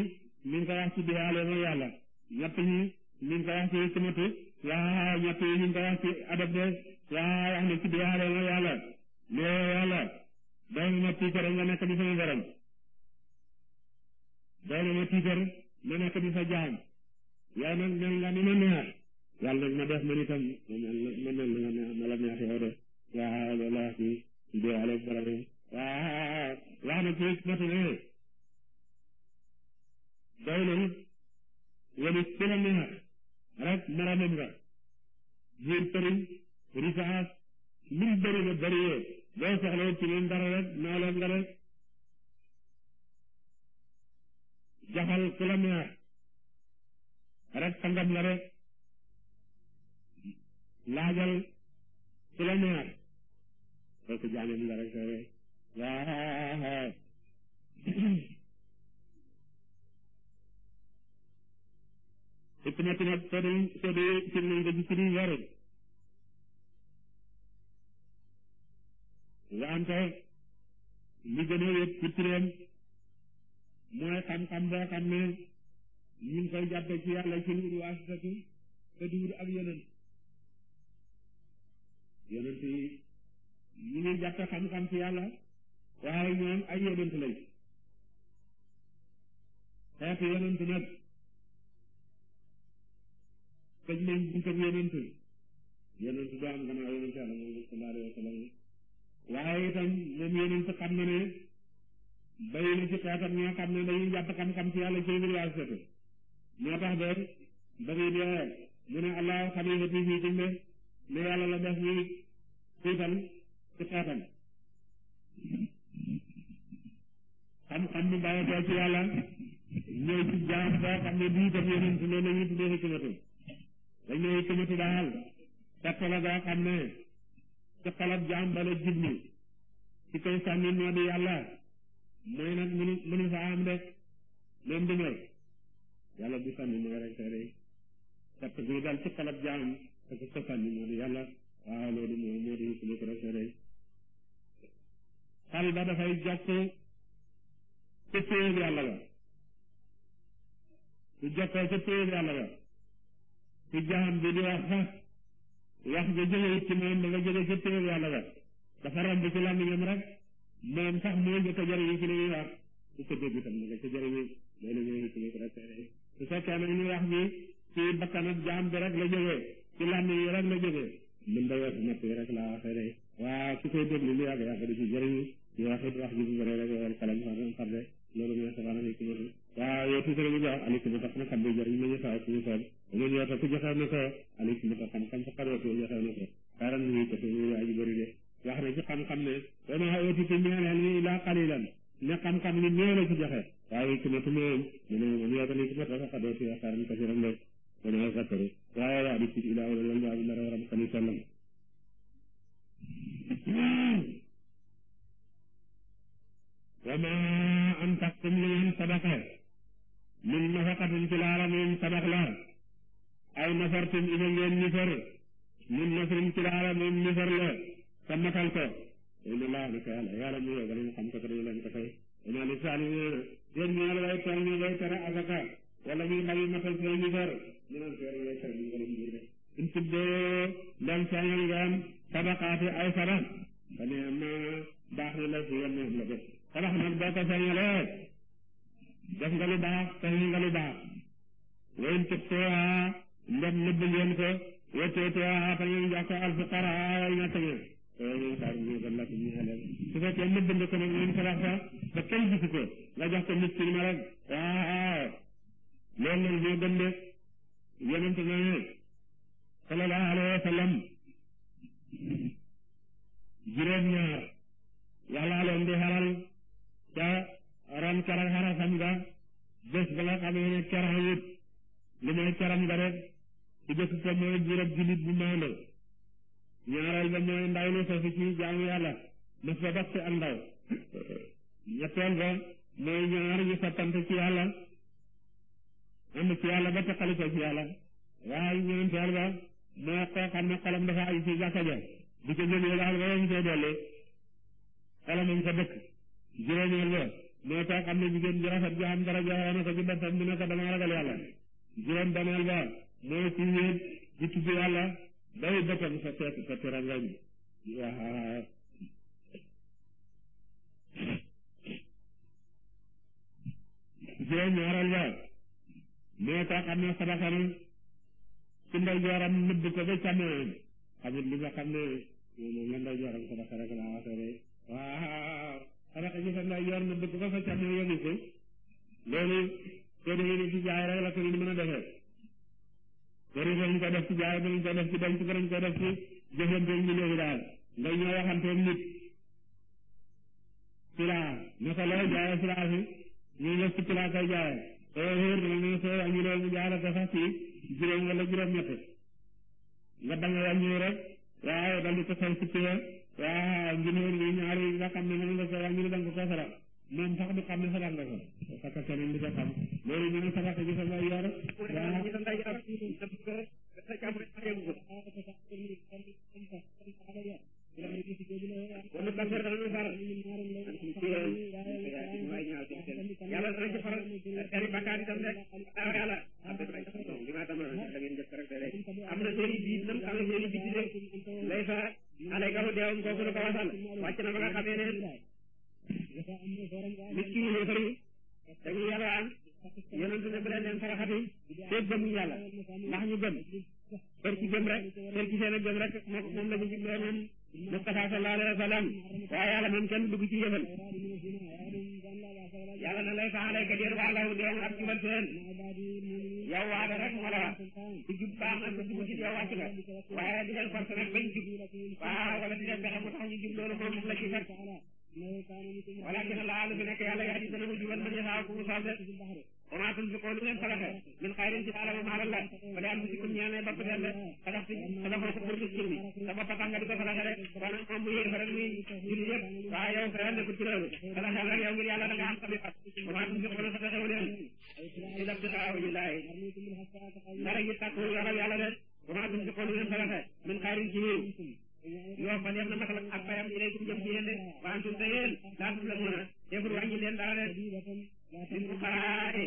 mi ngi ko wax ci biyaale mooy yàlla ñett ñi mi ngi ko yaa wax ne tudd yaa doon yàlla nee yàlla doy na ma tiitar nga nekk di sama borom doy na ma tiitar ma nekk di sa jaam yow nag mel nga ni ma neex yàlla nag ma def man itam ma mel nga neex ma la neex yow de waaw loolu wax ci tudd yàlla borom waaw wax na ci matu ne doy nañu yéen it ku la neex rek maramam nga jiir përiñ risaas lu mu bëri la bëriyee loo soxla ci leen dara rek noo leen nga rek jafal ku la neex rek sangam la rek laajal ku la neex kooku jaamam la rek waaw xikmati nag soo dee soo dee ci nañ ko ci suñuy yaruñ wante li gën a wéet ci mooy xam-xam boo xam ne ñu koy jàppe ci yàlla ci luur waasitatu te duur ak yonent yonent yi ñu ngi jàppe xam-xam ci yàlla waaye ñoom ay yonent lañ xeetu yonent nag tëj nañ buntab yonent yonent doo am gannaaw yonent yàlla moom sallallahu alayhi wa sallam waaye itam moom yonent xam na ne bay na ci xeetam ñoo xam ne dañuy jàpp xam-xam ci yàlla ci université moo tax ba ba muy dee yàlla la def muy tiital ci xam-xam bu bàyyi ko ci yàlla ñëw ci jaam boo xam ne bii tam yonent loolu la ñuy tuddee xikmatu dañ ne xikmatu daal fekk la xam ne ci xelab jaam bala jublu ci koy sànni noo di yàlla mooy nag mënu mënu fa am rek même di ñor yàlla du sànni noo rek rek fett bi dal ci xelab jaam parce que sànni noo di yàlla waaw loolu moo moo di suñu ba dafay jokk ca péeb yàlla ba su jokkoo ca péeb yàlla ba su jaam bi di wax sax wax nga jógee ci moom da nga jógee ci téere yàlla ba dafa romb ci làmmiñam rek moom sax moo njëkk a jëriñu ci li ñuy wax su ko dégg tam nga ca jëriñu loolu ñooy ci nekk rek su fekkee nag ñu wax bi ci bakkan ak jaam bi rek la jógee ci làmmiñ yi rek la jógee mën da weesu nopp yi rek laa waxee day waa su koy déglu lu yàgg yàgg da ci jëriñu ñu waxit wax ji bu bëri rek wal xalam xam xam de loolu mooy sabaana ni ci mën waaw yow tuuti rek ñu jox alikumu tax na xam bi jëriñ nañu saa suñu soob man yoota ku joxe na ko alis mi ko xam-xam sa xarootu joxe na ko dara nu ñuy defe muy aji bëri de na ci xam-xam ne wama ootiti minal ilmi illa qalilan ne xam-xam li néew la ci joxe waaye ci matu moom mu ne man yoota ni ci mat dafa xadoo wala zakkaru waaye waa di ci ilaa wala lan baabi dara waram xani sallam wama anfaqtum li ngeen sadaqa min nafaqatin ci laala min aw nasartum itam ngeen nisar min nasrin ci laala moom nisar la sa matal ko inna laa ni ko yàlla yàlla mu yóbbu leen xam ko ko dañu leen ko fay inna li saali yéen ñu yàlla way tar ñu way tere azaka wala muy xam yi matal seen nisar ñu leen feere way tar ñu ngeen mbir de in tuddee ndem sañal ngeen sadaqaati ay sadax fa ne ma baax na la fi yenn la def sadax nag boo ko sañalee def nga lu baax sañ nga lu baax wayn tëb lépp lépp ngeen ko wettee te ah fan yii jox ko alfuqara waaye ñoo tege loolu saa yu bëri la ko ñuy xelal su fekkee lépp nga ko nag ngeen ko wax sax ba kenn gisu ko nga jox ko miskin ma rek ah ah loolu nag ñoo gën de yonent ne sallallahu alayhi wa sallam juróom ñaar yàlla leen di xaral ca ron keroog xarafam nga bés ba nga xamee ne keroog it li may keroog nga rek bu jëkk ko mooy buurab jullit bu maandu ñaareel ba mooy ndaw ci jaamu yàlla daf ko dox ci ak ndaw ñetteel mooy ñaar ñu soppante ci yàlla am ci yàlla ba teqali ko ci yàlla waaye ñeenteel ba mooy koo xam ne xolam dafa aju ci jàkka ja di ko jógee daal ba yom see dolli xolamam ko dëkk juróomeel ba mooy koo xam ne jigéen ju rafet ju am dara joxoon na ko ci boppam mu ne ko dama ragal yàlla juróom looy ci wéet di tudd yàlla day bëtam sa fekk sa teranga bi juróom-ñaareel ba nee ko xam ne sadaka na ci ndeyjooram nëbb ko ba càmmoñam xamit li nga xam ne moom la ndeyjooram sadaka rek laa waxee rek waaw sadaka gi sa ndeyjoor nëbb ko ba sa càmmoñ yëngu ko loolu soo demee ne ci jaay rek la ko nit mën a defee góor yi dañ koy def ci jaay dañ koy def ci denc ko dañ koy def ci jëflante ñu léegi daal nga ñoo waxanteeg nit silaa ne ko loo jaayee si ñu ne si silaa koy jaayee soo wér dama ne soo wàññi loolu mu jaay la ko sax ci juróom wala nga da nga wàññi rek waaw dal di ko xel si waaw ngir ñaari nga xam ne moom nga ko wàññi da nga ko soxla moom sax du xam ne xalaat na ko parce que keneen du ko xam loolu ñu ngi tabax gi sama yor waaw ah, am na seen i nit ki yéefar yi dañuy yalwaan yonentu ne bu leen leen saraxati seet gëmuñ yàlla ndax ñu gëm rek kër ci seen a gëm rek moom la ñu jubloo moom Mustafa sallallahu waaye yàlla moom kenn dugg ci yëfal yàlla na lay faxalay ka jeer wàllahu doon ak seen yow waade rek moo ku jub baax na ku jub ci yow wàcc moom la ci fekk walakin laalu bi nekk yàlla yaa di dana mu jubal man yasaa ku mu soob de wama tunfiqoo lu ngeen saraxe min xayrin ci alal ma alal la fa li anfusikum ñeel ne bopp seen de sadax si sadaxoo ko pour miskin bi sa bopp tax nga di ko saraxe de kon moom mu yéefa rek muy julli yëpp waaye yow sa yoon nekkul ci loolu saraxeel rek yow ngir yàlla da nga am sabi fat wama tunfiqoo lu saraxewu leen ci def ci xaaw ji laay min xayrin ci yiw yoo fa neex na masal ak payam ilay ku jëm ci yéen de wa antum te yéen laa tuzlamuuna deful wàññi leen dara de lil fuqaraa'i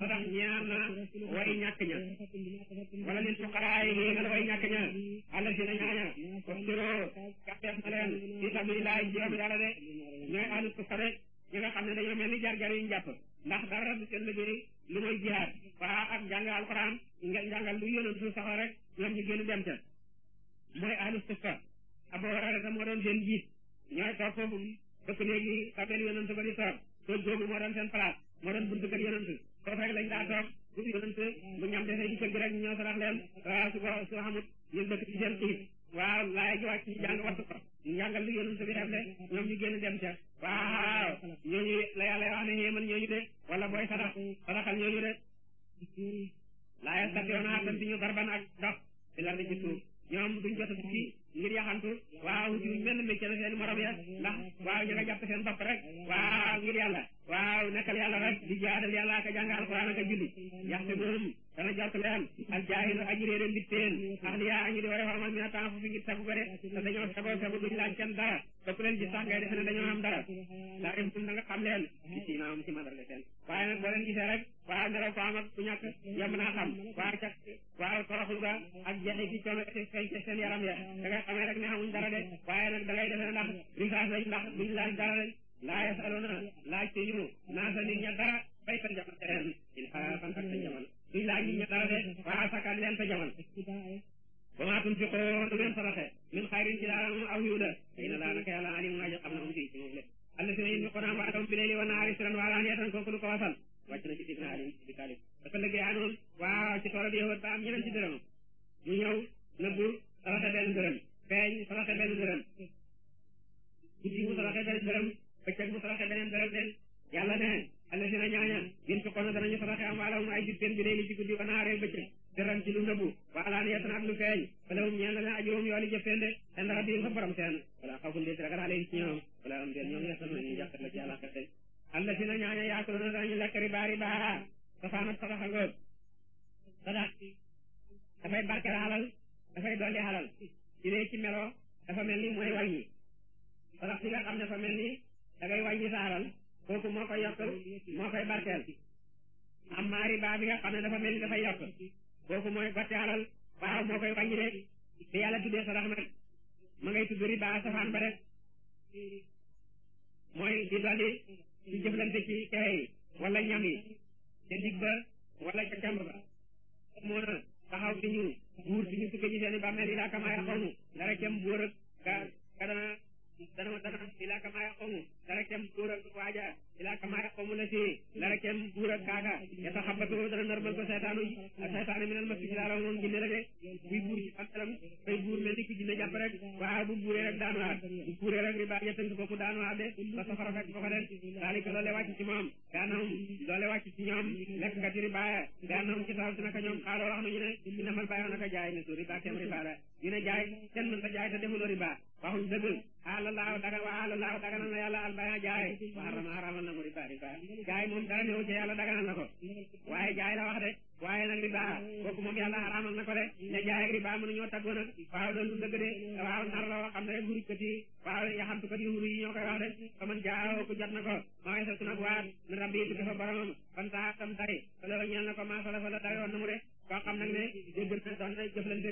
sadax ñaar na way ñàkk ña wala lil fuqaraa'i ñeena way ñàkk ña àlla si na ñaaña ustiroo gàtteef na leen fi sabilillahi ci yoonu yàlla de ñooy ahlul kufar ñi nga xam ne dañoo mel ni jar-jar yuñ jàpp ndax dara du seen liggéey lu mooy jihaad waa ak jàng alquran nga jàngal lu yonent du ca mooy ahlu sufa Abu Hurayra moo doon seen jiit ñooy toog foofu dëkk léegi fa benn yonent ba di toog toog googu moo doon seen place moo doon buntu kër yonent foofu rek lañ daa toog bu yonent bu ñam defee ci kër gi rek ñëw sarax leen su ko bari te loolu ñeel na ko maa salafa la dayoon na mu de koo xam nag ne dégg na doon na jëflante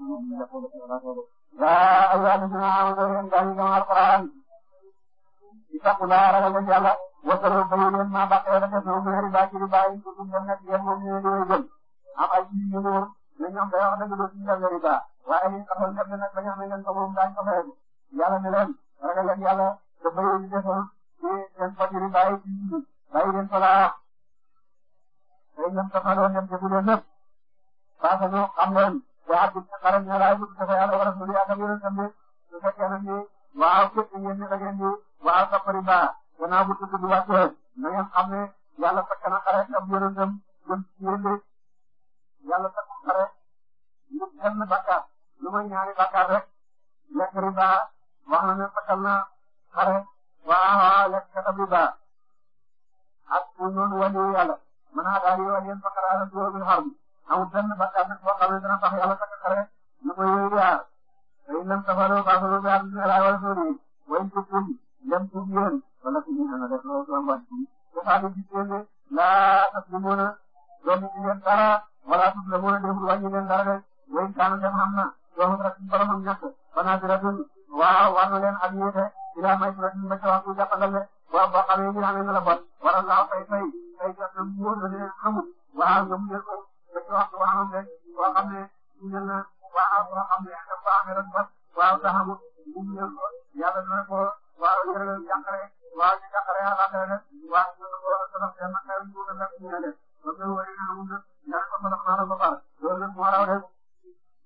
yaa ayyuha alladhina amanu yéen gaa yi gëm alquran ittaqullah ragal leen yàlla wasaare bayu leen maa baqee rek ñoom ñooy riba ci riba yi pour ñu dem nag yéen moom ñoo ñoo gën am ay ji yu wóor ne ñoom day wax dëgg dootuñu dem riba waaye ñu taxaw ñëpp nag ba ñu xam ne ngeen ko moom daañu ko fayal yàlla ne leen ragal leen yàlla te bayu ñu defoon ci seen poti riba yi ci ji bàyyi leen ko laa tey ñoom taxawoo ñoom defulee ñëpp parce que xam leen waaw suuf si xaral ñu xalaat suuf si dafa yàlla war a suuf ak yéen a sànni su fekkee ne nii waaw képp ngeen ñu da ngeen di waaw safari baa gannaaw bu tudd bi wàccee na ngeen xam ne yàlla takk na xare ak yonentam jëm ci yéen de yàlla takk na xare lu benn bakkaar lu may ñaari bakkaar rek lekk riba wax na ne takkal na xare waaw waaw lekk katab riba ak noonu wàllu yàlla mën naa daal di wax yéen fakkaraatam bi amul fenn bakkaar nag boo xam ne dina tax yàlla takk xare ñu koy yooyu yaar day lam tafaroo baafaro bi ak ñu laay wala sóori wayn tukkum ndem tuub yéen wala fi ñu dana def loolu doon wàcc te saa bi gisee laa tas li mën a doon ci leen dara wala tas la mën a deful wàññi leen dara rek wayn kaana dem xam na doon rek suñu borom am ñett banaa bi ratun waaw war na leen ak yéete ilaa may si ratun ba ca waxtu jàppandal ne waaw boo xamee ni xamee na la bot waral laa fay fay fay jot na mu wóor la ne xamul waaw nga mujjee ko dëkk waxtu waxam rek boo xam ne ñu ne la waaw boo xam ne dafa amee rek ba waaw taxawu bu mu ñëw yàlla dina ko waaw jërëjëf jàqare waaw ci jàqare àllaaxira rek waaw dina ko war a sabab seen xew ñu ko def ñu ne leen ba nga wari na mu nag ndax ko sabab naa la ba pare loolu nag moo raw rek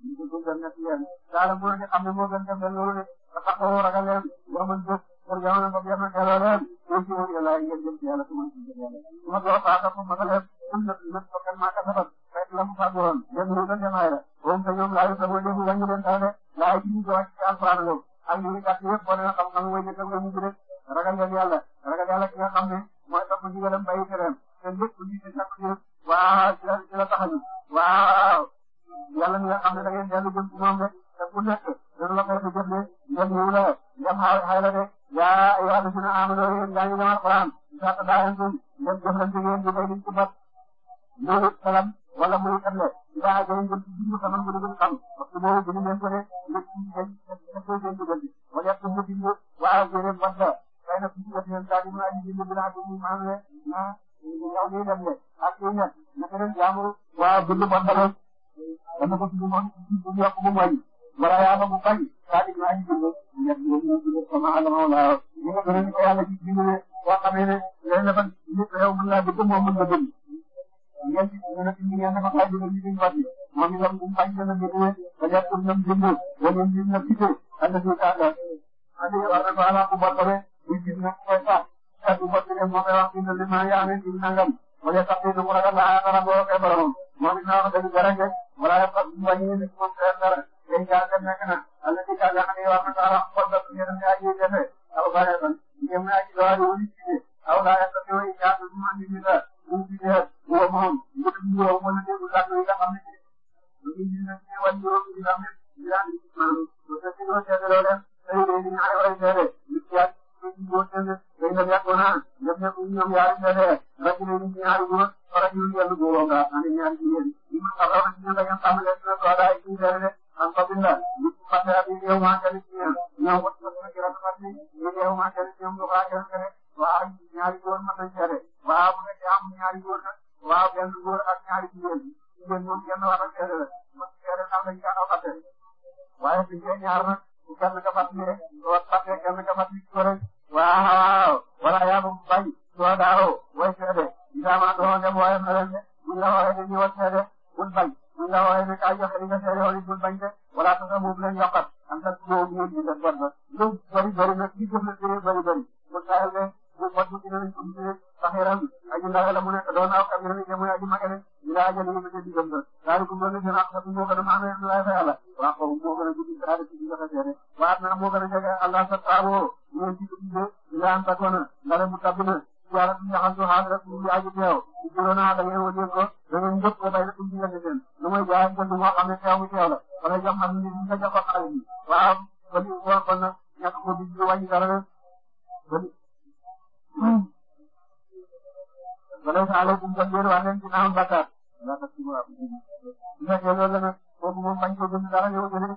ñu ko gën na ci yéen daala moo ci xam ne moo gën dem leen loolu de ba tax ko ragal leen loo mën jóg pour jamono ba yàlla teeloo leen ñu ci wër yàlla ngeen jëm ci yàlla su ma ci jëm yàlla su ma doo faata pour ma ko def am na nag ko kan maa ko sabab la mu fàgg woon lépp lu gën seen waay la moom sa ñoom laay sa bëgg bu wàññi leen taw de laay ci ñu wàcc ci alxuraan loolu ak ñu gàtt yëpp boo leen xam-xam way jëkkam nga mujj rek ragal ngeen yàlla ragal yàlla ki nga xam ne mooy topp ndigalam bàyyi tereem te lépp lu gisee chaque jour waaw ci la ci la taxañu waaw yàlla mi nga xam ne da ngeen dellu jëm ci moom de te ku nekk dana la koy fi jëf de ngeen ñëw la ngeen xaar xay la de yaa ayyuha alladhina amanu yéen gaa ngi dem alxuraan sax daa ngeen suñ ngeen jëflante ngeen di bay liñ ci bot loolu salam wala muy ëllëg daa day jël ci jiwu sama njëriñ lañ xam parce que loolu gënu leen ko ne lépp ci seen lépp seen dugal bi wala yàq suñu jiwu waaw jërëm wasa xëy na suñu jot leen saa di mën a indi jiwu bi naa déglu maa ngi ne ah yow liy dem de ak suy ñett naka leen jaamu. waaw bindu bon dara dana ko tudd moom suñu yokk bu mooy wala yaa ba mu bañ saa di mën a indi jiwu ñett yooyu ñoo tudd sama alama wala ñu nga gërëm ko yàlla ci jiwu ne boo xamee ne léegi nag nit yow mën naa dëgg moom mën nga dëgg ñoom ñoom ñu ngi yi moom itam bu mu fàcc dana jëndee ba ñaar pour ñoom jëndul ba ñoom ñu nag ci kaw ak na suñu kàddaa. ak yow am na maanaam bu bot bare muy gis nag koy faa kat bu bot bi dem moo koy wax dina li ma yaamee ci nangam wala moom it naa wax dëgg dara wala dafa wàññi nit moom koy dara na àll ci kàddaa xam ne war na saa wax kon daf ñu dem yaa ngi jafe aw baaxee fan ñoom yaa ngi doon wala ci aw laa yàq te way jaar du mën di ñu dara ñaari góor nag waaw benn góor ak ñaari jigéen jigéen ñoom kenn wax ak seede la man seede xam nañ ka aw atte waaye suñ koy ñaar nag bu kenn ka fàttee soo fàttee kenn ka fàttee ko rek waaw wala yaa bu bay soo daawoo way seede idaama doo dem waaye na leen de buñ la waxee ne ñu war seede bul bañ buñ la waxee ne kaay joxe li nga seede woon bul bañ de wala tasa boobu leen yokkat am na góor ñoom ñu def bon na lu bari bari nag li jëf la bari bari bari bu saayal de mu fot mu ci doon mu ci saxeeram aji ndaw la mu nekk doon aw kabiram yi mooy aji magale ñu laa jël ñu ci digam do daal ko ngone seen ak sabu moo gën a maame la fa yàlla waa ko moo gën a guddi daal ci digam fa seere waat na moo gën a jege allah sa taabo ñu ci digam do ila am takona ndare mu tabina yàlla ñu xantu haadra ku ñu aji teew ci corona da ngay wone ko da ngay ndëpp ko bay la ci digam seen lu may jaay ko du ma xam ne teew mu teew la wala jam xam ni ñu ko jox ko xaali waaw ko ni ko ko na ñak ko di wàññi dara ko wala sa àll bu mu jot wax leen dina am bakkaar laa tax ci mu am su fekkee loolu la nag kooku moom bañ ko gën dara yow jëlee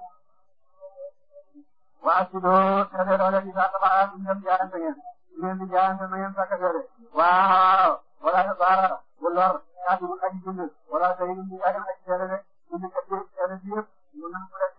waa si doo teel a doole saa taxaw ak ñoom jaarante ngeen ngeen di jaarante na ngeen sakk doole waaw wala sa baara bu lor ñaata bu aji jënd wala sa yëngu ñu aji aji teel a rek ñu ngi kat teel a ji yëpp ñu mën ko def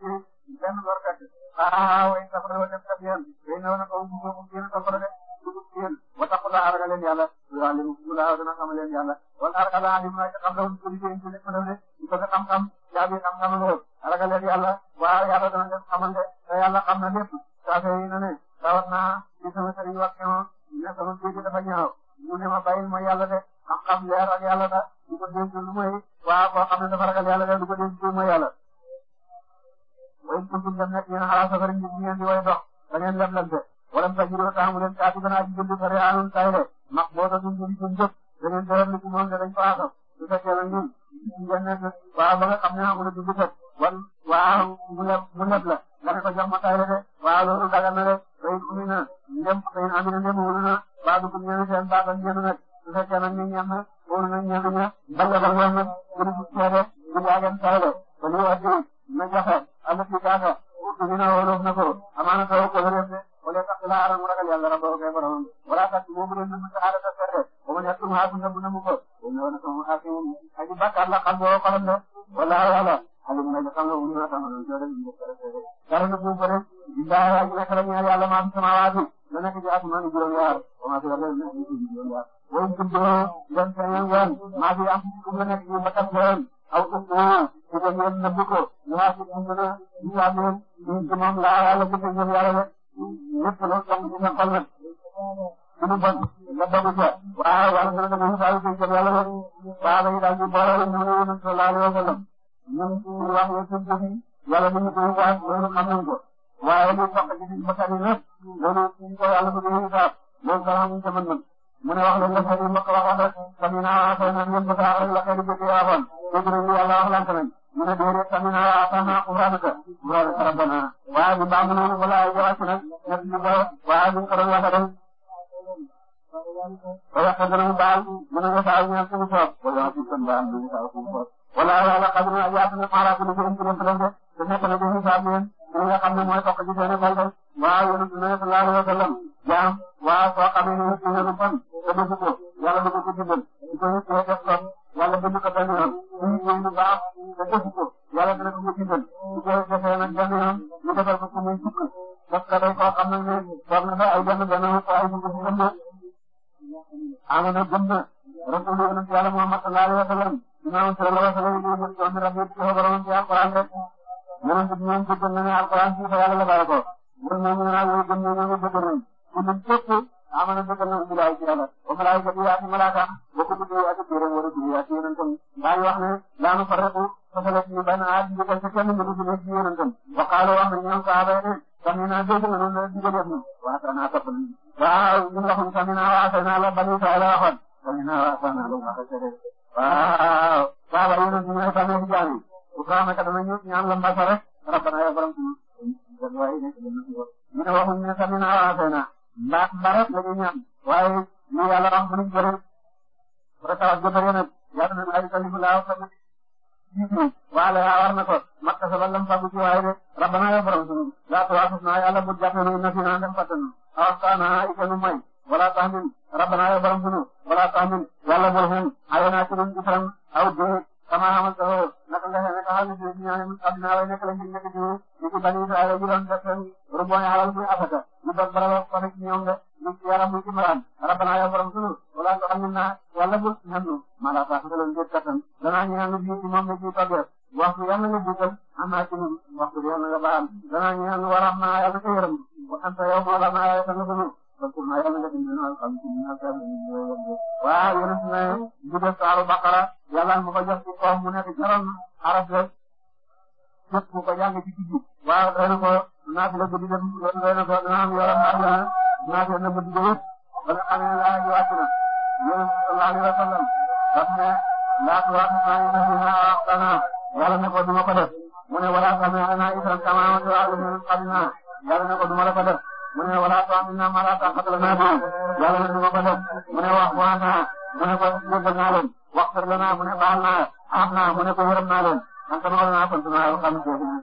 ci benn lorkat waaw ay safara wala dem kat yéen day néew na kaw bu ko bu génn safara de. dugub ci yéen wattaqullaaha ragal leen yàlla yuallimukumullaahu dana xamal leen yàlla wal arqala li ma qablahum ko liggéey ci nekk na de ñu bëgg xam-xam caabi xam-xam lool ragal leen yàlla waa yàlla dana leen xamal de te yàlla xam na lépp saafe yi na ne tawat naa ci sama sëriñ waxte moom ne sama jiiti dafa ñaaw mu ne ma bàyyil ma yàlla de xam-xam leer ak yàlla da du ko denc lu mooy waa koo xam ne dafa ragal yàlla de du ko denc lu mooy yàlla way kuntum dem nekk yéen xalaa safari ñi bu ngeen di way dox da ngeen leblante wala sa juróom sax mu ne saa sa réewum saa yore ndax boo ko dindi a jëf beneen dërëm li ci moom danañ ko aasam su fekkee ne ñun ñu génne waaw ba nga xam ne amul dindi la nga ne ko jox ma saa yore de waaw de bayit umi na ndem bayit am na ndem wóolu na waa dugub ñeneen seen baax ak ñeneen nag su fekkee nag ñu ñem na wóolu na ñeneen ña mbala ba ñoom nag gën a gis seede na joxe am na si kaasa wala sax la aram ragal yàlla rabbahu kay borom wala sax moom rek ñu saxara ta fere o ma yattum ha bunna mu ko ne wala sama hakim aji bakkar la xam boo xolam de mu ne xam lu ñu xam lu ko fere dara na bu bare dinda aji na ma am sama waatu la nekk ci asman juróom yaar o ma fi ragal na ci juróom yaar way ko do ma fi am ku la nekk ko ko ko ñaan na bu ko ñu ha ci ñu na ñu la ñu ñu moom la wala ko ñu lépp nag tam ci sa xol rek suñu bon nga dogu ca waaw yàlla dana dana xisaaru ci kër yàlla rek saaba yi daal ñu boole rek ñu ne yonent sallallahu alayhi wa sallam ñun ñu wax ne suñ ko fi yàlla dañu koy waaj loolu xam nañ ko waaye nag soxna ci suñ bakkan yi lépp loolu suñ ko yàlla su dee xisaab loolu dara ñu ko mën nag mu ne wax leen nga xam ne mbokk wax wax rek sami naa wax rek ñun ñëpp saa rek la xëy na jëkkee yaa bon dégg nañ yàlla wax lante nañ نرجو سمعنا وأطعنا غفرانك غفرانك ربنا وآمنا بعضنا ولا يجعلنا نبينا وآمن قرن وحدا ويحفظنا من بعض من يفعل من الكفر ويعطيك من بعض من يفعل الكفر ولا على قدرنا أياتنا قارا كل شيء في الإسلام تشكل به شعبين من يقمنا ما يتوقع جسنا قلبا وآمن صلى الله عليه وسلم جاء وآسوا قبله في هذا الفن تبسطه يلا بكتبه يكون يتوقع yàlla dana ko benn yoon muy muy lu baax te defu ko yàlla dana ko mujjal su ko defee nag benn yoon ñu defal ko ku muy fukk def ko day koo xam ne war na fa ay benn benn ay dugub bi gëm na amana gëm na rasul yonent yàlla Muhammad sallallahu alayhi wa sallam dina sallallahu alayhi wa sallam ñu ngi doon rabbi ko borom ci alquran rek yonent bi ñoom gëm na ne alquran ci yàlla la bàyyi ko gëm na ñu naan gëm na ñu gëm na ñu amana ko tan mu lay jara o mala ko dira ko mala ka ko ko ko ya ko dira mo do ya ci nan tan da wax ne la nu farqu fa sala ci ban aad ko ko tan mu do ci nan tan wa qala wa min nan saaba ne samina do ko nan na di ko def wa ta na ta pan wa min la hun samina wa ta na la bani ta la hun samina wa ta na la ma ta re wa ba ba yun ni ta ne ja ni ukrama ka na ñu ñaan la mba sare rabbana ya baram ni ne wa hun samina wa ta na mbaa mbaa rek la ñuy waaye li yàlla wax mënuñ ko def ba tawaas ba pare nag yàlla na ay waaye war na ko makka sa ballam waaye de rabbana ya borom laa tawaasus naa yàlla bu jàppee noonu na fi naan dem fàtte nu awasana ay kanu may wala rabbana ya borom suñu wala tax min yàlla bul xun ay kama amatoo naka nga xamee taxaw na jiw bi ñaare adduna way nekk lañ fi nekk jiw ñu ci bani Israël ñu doon def seen ruboone alal muy asaka ñu doon barab ko rek ñoom de ñu ci yaram muy ci mbaraan rabbana yow borom sunu wala nga xam ne naa wala bu ñannu mala sax nga leen jël kattan danaa ñu naan jiw ci moom la jiw toggee waxtu yàlla nga jiital am naa ci ñun waxtu yàlla nga baal danaa ñu naan waram naa yàlla sa yërëm waxante yow moo la naa parce que maa yàlla def nañu xam ci ñoom tamit ñu ngi lay yëngu. waaw yéen a ngi lay ñu def saaru baqara yàlla mu ko jox ci kaw mu nekk jaroon araf rek képp ku ko jàng ci tijji. waaw xëy na ko naaf la guddi dem xëy na ko dana am yoram naaf la naaf la guddi dem it ba nga xam ne laa ji wàcc na yéen sallallahu alayhi wa sallam daf ne laatu waat naa yi def naa wax dana yàlla ne ko duma ko def mu ne wala xam ne ana itam sama wàllu xam naa yàlla ne ko duma la ko def. mu ne wala taam na ma la tax a la naata yàlla na ma ko def mu ne wax waa naa mu ne ko jéggal naa leen wax fër la naa mu ne baal naa am naa mu ne ko yërëm naa leen man sama wala naa sant naa xam